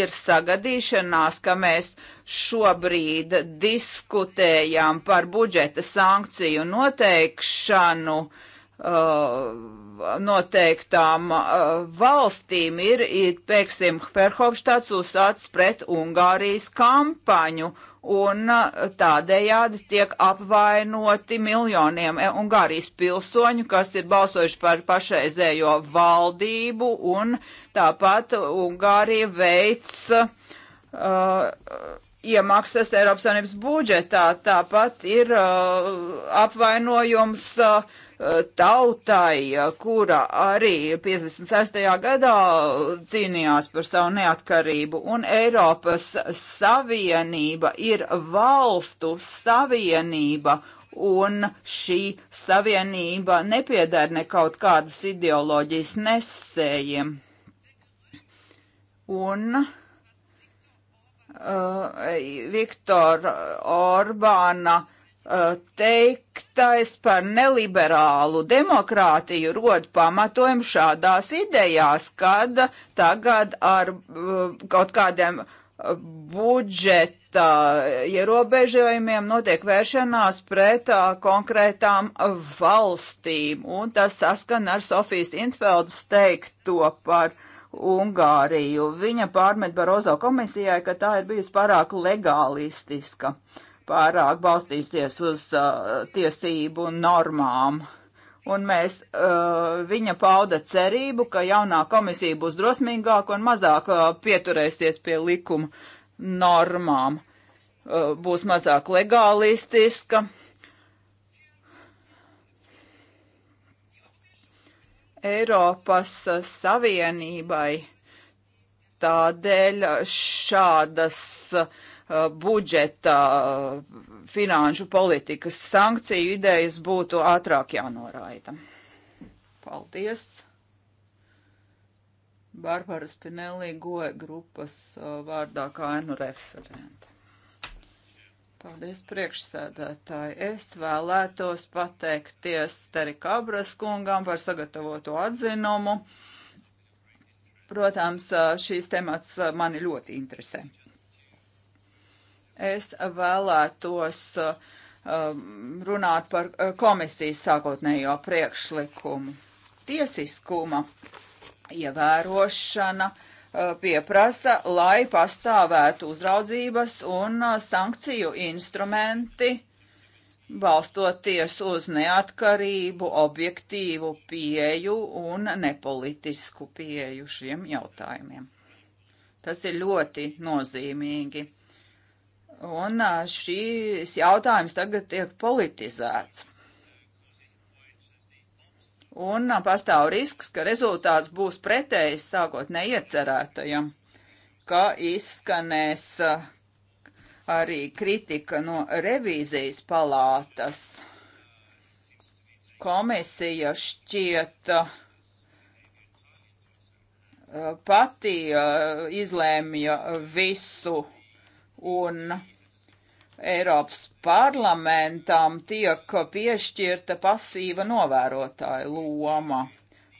ir sagadīšanās, ka mēs šobrīd diskutējam par budžeta sankciju noteikšanu uh, Uh, noteiktām uh, valstīm ir, piemēram, Ferhofštāts uzsācis pret Ungārijas kampaņu, un uh, tādējādi tiek apvainoti miljoniem eh, Ungārijas pilsoņu, kas ir balsojuši par pašreizējo valdību, un tāpat Ungārija veids uh, iemaksas Eiropas Savienības budžetā. Tāpat ir uh, apvainojums uh, tautai, uh, kura arī 56. gadā cīnījās par savu neatkarību, un Eiropas Savienība ir valstu savienība, un šī savienība nepiedara ne kaut kādas ideoloģijas nesējiem. Un uh, Eh, Viktora Orbāna eh, teiktais par neliberālu demokrātiju rod pamatojumu šādās idejās, kad tagad ar eh, kaut kādiem budžeta ierobežojumiem notiek vēršanās pret konkrētām valstīm, un tas saskan ar Sofijas Intfeldes teikto par uh, Ungāriju. Viņa pārmet Barozo komisijai, ka tā ir bijusi pārāk legalistiska, pārāk balstīsies uz uh, tiesību normām. Un mēs, uh, viņa pauda cerību, ka jaunā komisija būs drosmīgāka un mazāk uh, pieturēsies pie likuma normām, uh, būs mazāk legalistiska. Uh, Eiropas Savienībai. Tādēļ šādas uh, budžeta uh, finanšu politikas sankciju idejas būtu ātrāk jānoraida. Paldies! Barbara Spinelli goja grupas uh, vārdā kā ēnu referente. Paldies priekšsēdētāji. Es vēlētos pateikties Terikabras kungam par sagatavoto atzinumu. Protams, šīs temats mani ļoti interesē. Es vēlētos runāt par komisijas sākotnējo priekšlikumu. Tiesiskuma ievērošana. Ja Eh, pieprasa, lai pastāvētu uzraudzības un eh, sankciju instrumenti, balstoties uz neatkarību, objektīvu pieju un nepolitisku pieju šiem jautājumiem. Tas ir ļoti nozīmīgi. Un eh, šīs jautājums tagad tiek politizēts un pastāv risks, ka rezultāts būs pretējs sākotnēji iecerētajam, ka izskanēs arī kritika no revīzijas palātas. Komisija šķiet pati izlēmja visu un Eiropas parlamentam tiek piešķirta pasīva novērotāja loma.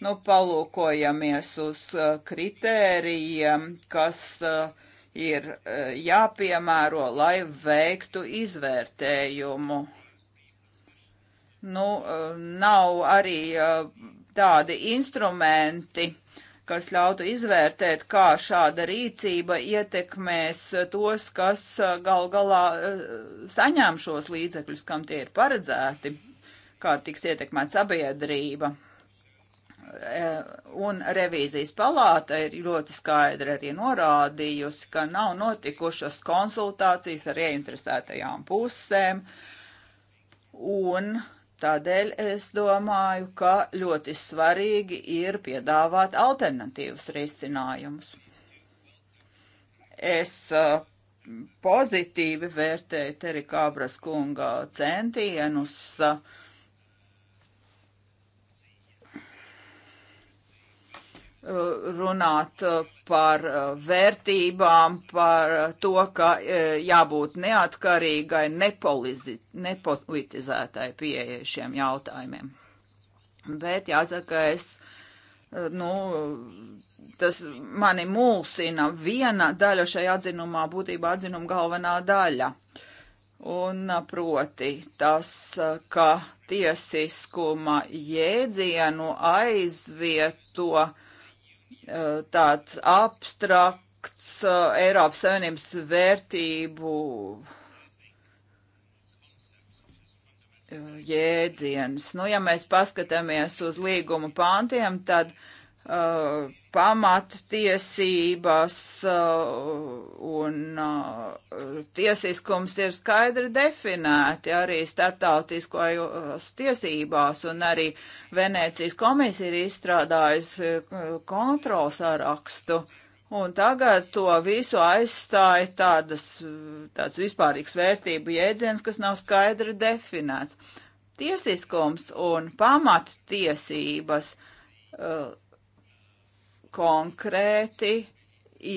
Nu, palūkojamies uz uh, kritērijiem, kas uh, ir uh, jāpiemēro, lai veiktu izvērtējumu. Nu, nav arī tādi instrumenti, uh, kas ļautu izvērtēt, kā šāda rīcība ietekmēs tos, kas uh, gal galā uh, saņem šos līdzekļus, kam tie ir paredzēti, kā tiks ietekmēt sabiedrība. Uh, un revīzijas palāta ir ļoti skaidri arī norādījusi, ka nav notikušas konsultācijas ar ieinteresētajām pusēm un Tādēļ es domāju, ka ļoti svarīgi ir piedāvāt alternatīvus risinājumus. Es uh, pozitīvi vērtēju Terikābras kunga centienus uh, runāt uh, par uh, vērtībām, par uh, to, ka jābūt neatkarīgai, nepolitizētai pieeja šiem jautājumiem. Bet jāsaka, es, nu, tas mani mulsina viena daļa šajā atzinumā, būtībā atzinuma galvenā daļa. Un proti tas, ka tiesiskuma jēdzienu aizvieto uh, E, tāds abstrakts e, Eiropas Savienības vērtību e, jēdziens. Nu, ja mēs paskatāmies uz līguma pāntiem, tad uh, Uh, pamattiesības uh, un uh, tiesiskums ir skaidri definēti arī starptautiskajos tiesībās, un arī Venēcijas komisija ir izstrādājusi uh, kontrolsārakstu, un tagad to visu aizstāja tādas, tāds vispārīgs vērtību jēdziens, kas nav skaidri definēts. Tiesiskums un pamattiesības uh, konkrēti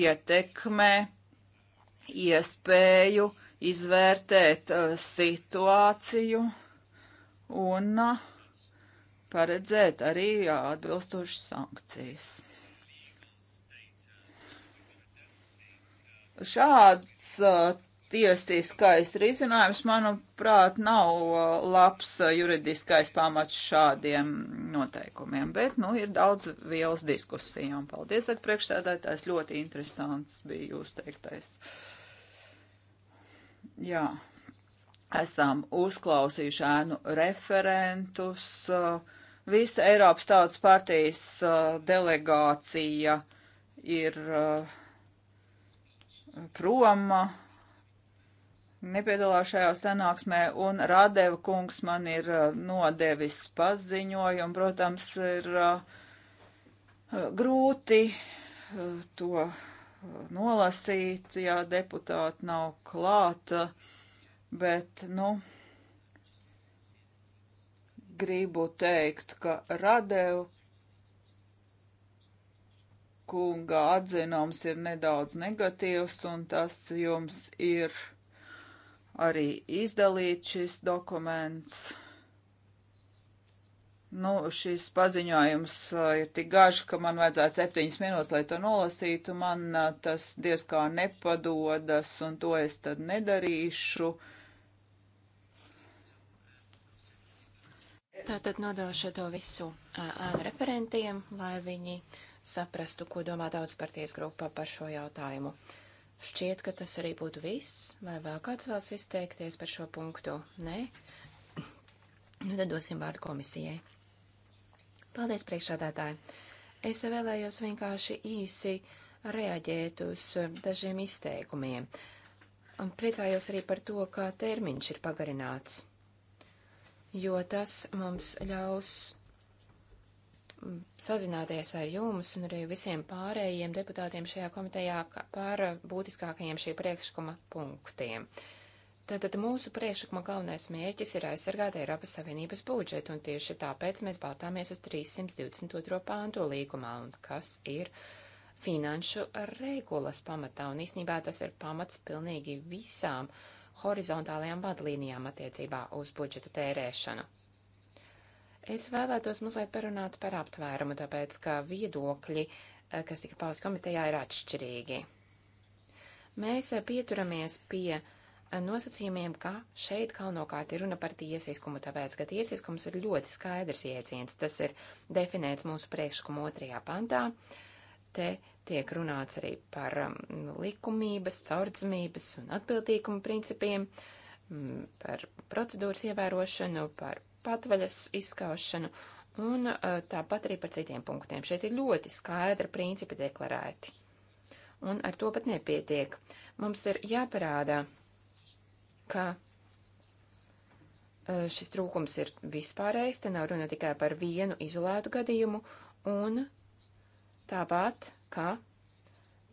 ietekmē iespēju izvērtēt uh, situāciju un uh, paredzēt arī uh, atbilstošas sankcijas. Šāds uh, tiesiskais risinājums, manuprāt, nav uh, labs uh, juridiskais pamats šādiem noteikumiem, bet, nu, ir daudz vielas diskusijām. Paldies, ak, priekšsēdētājs, ļoti interesants bija jūs teiktais. Jā, esam uzklausījuši ēnu referentus, uh, visa Eiropas tautas partijas delegācija ir prom nepiedalās šajā sanāksmē, un Rādeva kungs man ir uh, nodevis paziņojumu. Protams, ir uh, grūti uh, to nolasīt, ja deputāti nav klāta, bet, nu, gribu teikt, ka Radeva kunga atzinums ir nedaudz negatīvs, un tas jums ir arī izdalīts šis dokuments. Nu, šis paziņojums uh, ir tik garš, ka man vajadzētu septiņas minūtes, lai to nolasītu. Man uh, tas diez kā nepadodas, un to es tad nedarīšu. Tātad nodošu to visu uh, ēnu referentiem, lai viņi saprastu, ko domā daudz parties grupa par šo jautājumu. Uh, Šķiet, ka tas arī būtu viss. Vai vēl kāds vēlas izteikties par šo punktu? Nē? Nu, tad dosim vārdu komisijai. Paldies, priekšādātāji. Es vēlējos vienkārši īsi reaģēt uz dažiem izteikumiem. Un priecājos arī par to, ka termiņš ir pagarināts, jo tas mums ļaus sazināties ar jums un arī visiem pārējiem deputātiem šajā komitejā par būtiskākajiem šī priekšlikuma punktiem. Tātad mūsu priekšlikuma galvenais mērķis ir aizsargāt Eiropas Savienības budžetu, un tieši tāpēc mēs balstāmies uz 322. pāntu līgumā, un kas ir finanšu regulas pamatā, un īsnībā tas ir pamats pilnīgi visām horizontālajām vadlīnijām attiecībā uz budžeta tērēšanu. Es vēlētos mazliet parunāt par aptvērumu, tāpēc ka viedokļi, eh, kas tika pausti komitejā, ir atšķirīgi. Mēs eh, pieturamies pie eh, nosacījumiem, ka šeit galvenokārt ir runa par tiesiskumu, tāpēc, ka tiesiskums ir ļoti skaidrs jēdziens. Tas ir definēts mūsu priekšlikuma otrajā pantā. Te tiek runāts arī par mm, likumības, caurdzamības un atbildīguma principiem, mm, par procedūras ievērošanu, par patvaļas izskaušanu un uh, tāpat arī par citiem punktiem. Šeit ir ļoti skaidri principi deklarēti. Un ar to pat nepietiek. Mums ir jāparādā, ka uh, šis trūkums ir vispārējs, te nav runa tikai par vienu izolētu gadījumu, un tāpat, ka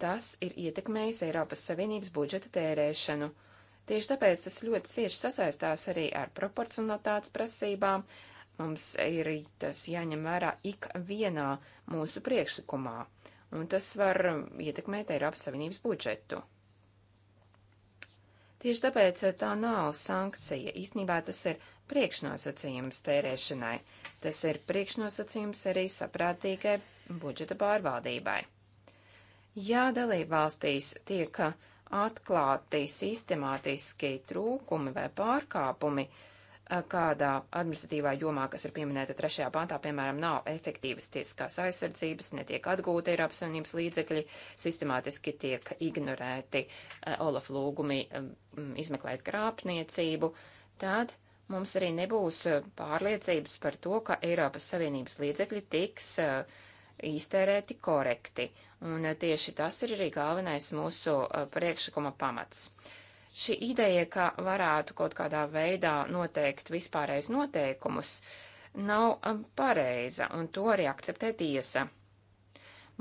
tas ir ietekmējis Eiropas Savienības budžeta tērēšanu. Uh, Tieši tāpēc tas ļoti cieši sasaistās arī ar proporcionalitātes prasībām. Mums ir tas jāņem vērā ik vienā mūsu priekšlikumā, un tas var ietekmēt Eiropas Savienības budžetu. Tieši tāpēc eh, tā nav sankcija. Īsnībā tas ir priekšnosacījums tērēšanai. Tas ir priekšnosacījums arī saprātīgai budžeta pārvaldībai. Ja dalībvalstīs tiek atklāti sistemātiski trūkumi vai pārkāpumi eh, kādā administratīvā jomā, kas ir pieminēta trešajā pantā, piemēram, nav efektīvas tiesiskās aizsardzības, netiek atgūti Eiropas Savienības līdzekļi, sistemātiski tiek ignorēti eh, Olaf lūgumi eh, izmeklēt krāpniecību, tad mums arī nebūs pārliecības par to, ka Eiropas Savienības līdzekļi tiks uh, iztērēti korekti. Un eh, tieši tas ir arī galvenais mūsu eh, priekšlikuma pamats. Šī ideja, ka varētu kaut kādā veidā noteikt vispārējais noteikumus, nav eh, pareiza, un to arī akceptē tiesa.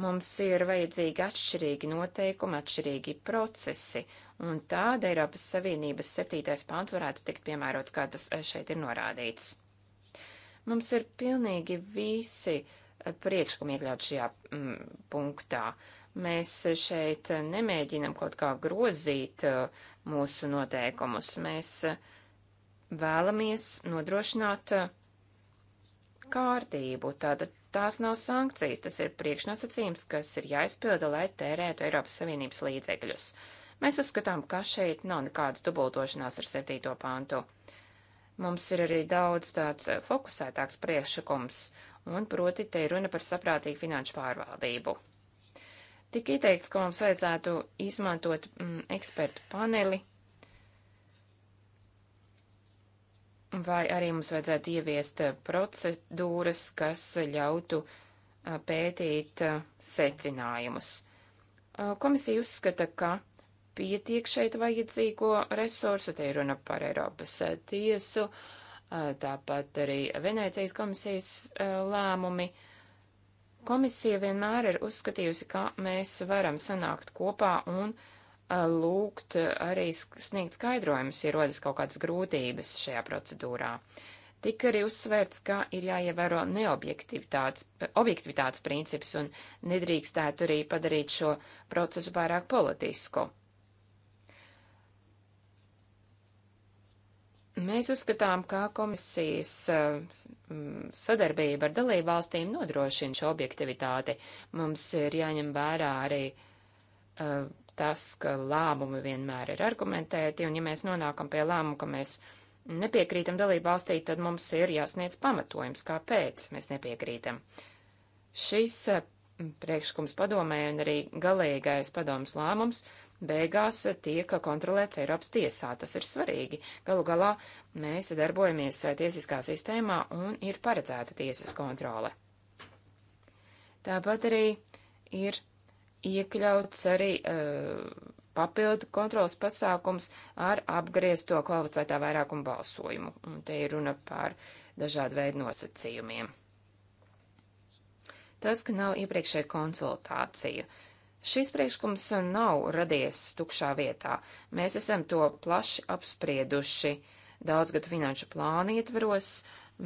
Mums ir vajadzīgi atšķirīgi noteikumi, atšķirīgi procesi, un tāda Eiropas Savienības septītais pants varētu tikt piemērots, kā tas šeit ir norādīts. Mums ir pilnīgi visi uh, priekšlikumu iekļaut šajā mm, punktā. Mēs šeit nemēģinam kaut kā grozīt uh, mūsu noteikumus. Mēs uh, vēlamies nodrošināt uh, kārtību. Tātad tās nav sankcijas, tas ir priekšnosacījums, kas ir jāizpilda, lai tērētu Eiropas Savienības līdzekļus. Mēs uzskatām, ka šeit nav nekādas dubultošanās ar 7. pantu. Mums ir arī daudz tāds fokusētāks priekšlikums, un proti te ir runa par saprātīgu finanšu pārvaldību. Tik ieteikts, ka mums vajadzētu izmantot mm, ekspertu paneli, vai arī mums vajadzētu ieviest eh, procedūras, kas ļautu eh, pētīt eh, secinājumus. Komisija uzskata, ka pietiek šeit vajadzīgo resursu, te ir runa par Eiropas tiesu, uh, tāpat arī Venecijas komisijas lēmumi. Komisija vienmēr ir uzskatījusi, ka mēs varam sanākt kopā un lūgt arī sniegt skaidrojumus, ja rodas kaut kādas grūtības šajā procedūrā. Tika arī uzsvērts, ka ir jāievēro neobjektivitātes princips un nedrīkstētu arī padarīt šo procesu pārāk politisku. Mēs uzskatām, ka komisijas eh, sadarbība ar dalību valstīm nodrošina šo objektivitāti. Mums ir jāņem vērā arī eh, tas, ka lēmumi vienmēr ir argumentēti, un ja mēs nonākam pie lēmumu, ka mēs nepiekrītam dalību valstī, tad mums ir jāsniedz pamatojums, kāpēc mēs nepiekrītam. Šis eh, priekšlikums padomē un arī galīgais padomas lēmums beigās tiek kontrolēts Eiropas tiesā. Tas ir svarīgi. Galu galā mēs darbojamies tiesiskā sistēmā un ir paredzēta tiesas kontrole. Tāpat arī ir iekļauts arī uh, papildu kontrolas pasākums ar apgriezto kvalificētā vairākumu balsojumu. Un te ir runa par dažādu veidu nosacījumiem. Tas, ka nav iepriekšēja konsultācija. Uh, Šis priekšlikums nav radies tukšā vietā. Mēs esam to plaši apsprieduši daudzgadu finanšu plānu ietveros,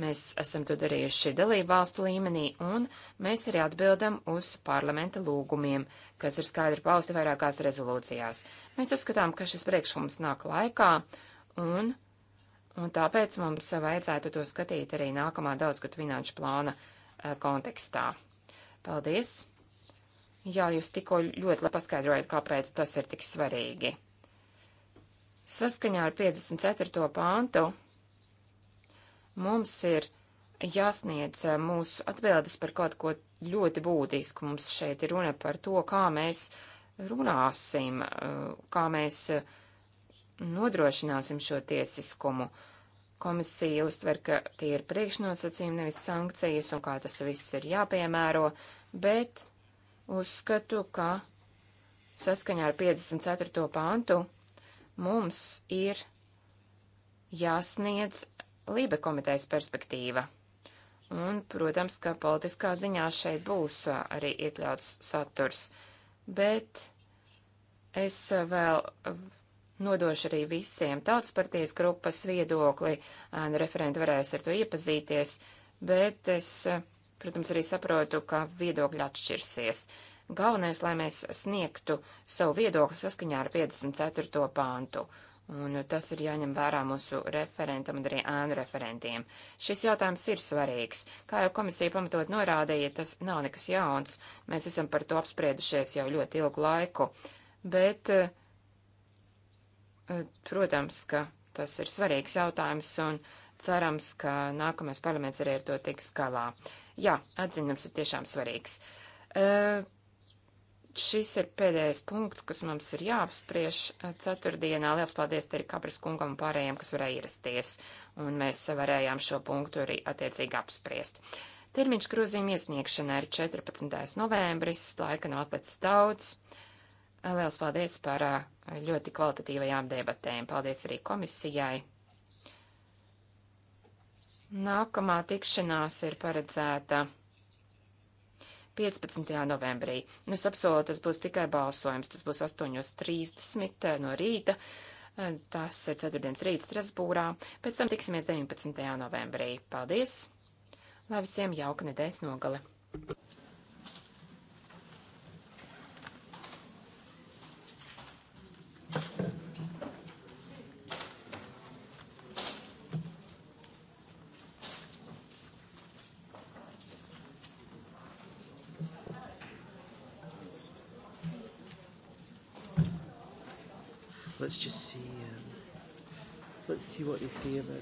mēs esam to darījuši dalību valstu līmenī, un mēs arī atbildam uz parlamenta lūgumiem, kas ir skaidri pausti vairākās rezolūcijās. Mēs uzskatām, ka šis priekšlikums nāk laikā, un, un tāpēc mums vajadzētu to skatīt arī nākamā daudzgadu finanšu plāna eh, kontekstā. Paldies! Jā, jūs tikko ļoti labi paskaidrojat, kāpēc tas ir tik svarīgi. Saskaņā ar 54. pāntu mums ir jāsniedz eh, mūsu atbildes par kaut ko ļoti būtisku. Mums šeit ir runa par to, kā mēs runāsim, eh, kā mēs eh, nodrošināsim šo tiesiskumu. Komisija uztver, ka tie ir priekšnosacījumi, nevis sankcijas, un kā tas viss ir jāpiemēro, bet Uzskatu, ka saskaņā ar 54. pāntu mums ir jāsniedz Lībe komitejas perspektīva. Un, protams, ka politiskā ziņā šeit būs arī iekļauts saturs, bet es vēl nodošu arī visiem tautspartijas grupas viedokli, un nu, referenti varēs ar to iepazīties, bet es uh, Protams, arī saprotu, ka viedokļi atšķirsies. Galvenais, lai mēs sniegtu savu viedokli saskaņā ar 54. pāntu. Un tas ir jāņem vērā mūsu referentam un arī ēnu referentiem. Šis jautājums ir svarīgs. Kā jau komisija pamatot norādīja, tas nav nekas jauns. Mēs esam par to apspriedušies jau ļoti ilgu laiku. Bet, eh, protams, ka tas ir svarīgs jautājums un cerams, ka nākamais parlaments arī ar to tiks galā. Uh, Jā, atziņums ir tiešām svarīgs. Uh, šis ir pēdējais punkts, kas mums ir jāapspriež e, ceturtdienā. Lielas paldies arī Kabras kungam un pārējiem, kas varēja ierasties, un mēs varējām šo punktu arī attiecīgi apspriest. Termiņš grozījuma iesniegšanai ir 14. novembris, laika nav atlicis daudz. Lielas paldies par e, ļoti kvalitatīvajām debatēm. Paldies arī komisijai Nākamā tikšanās ir paredzēta 15. novembrī. Nu, es apsolu, tas būs tikai balsojums. Tas būs 8.30 no rīta. Tas ir ceturtdienas rīts Strasbūrā. Pēc tam tiksimies 19. novembrī. Paldies! Lai visiem jauka nedēļas nogale! polisiye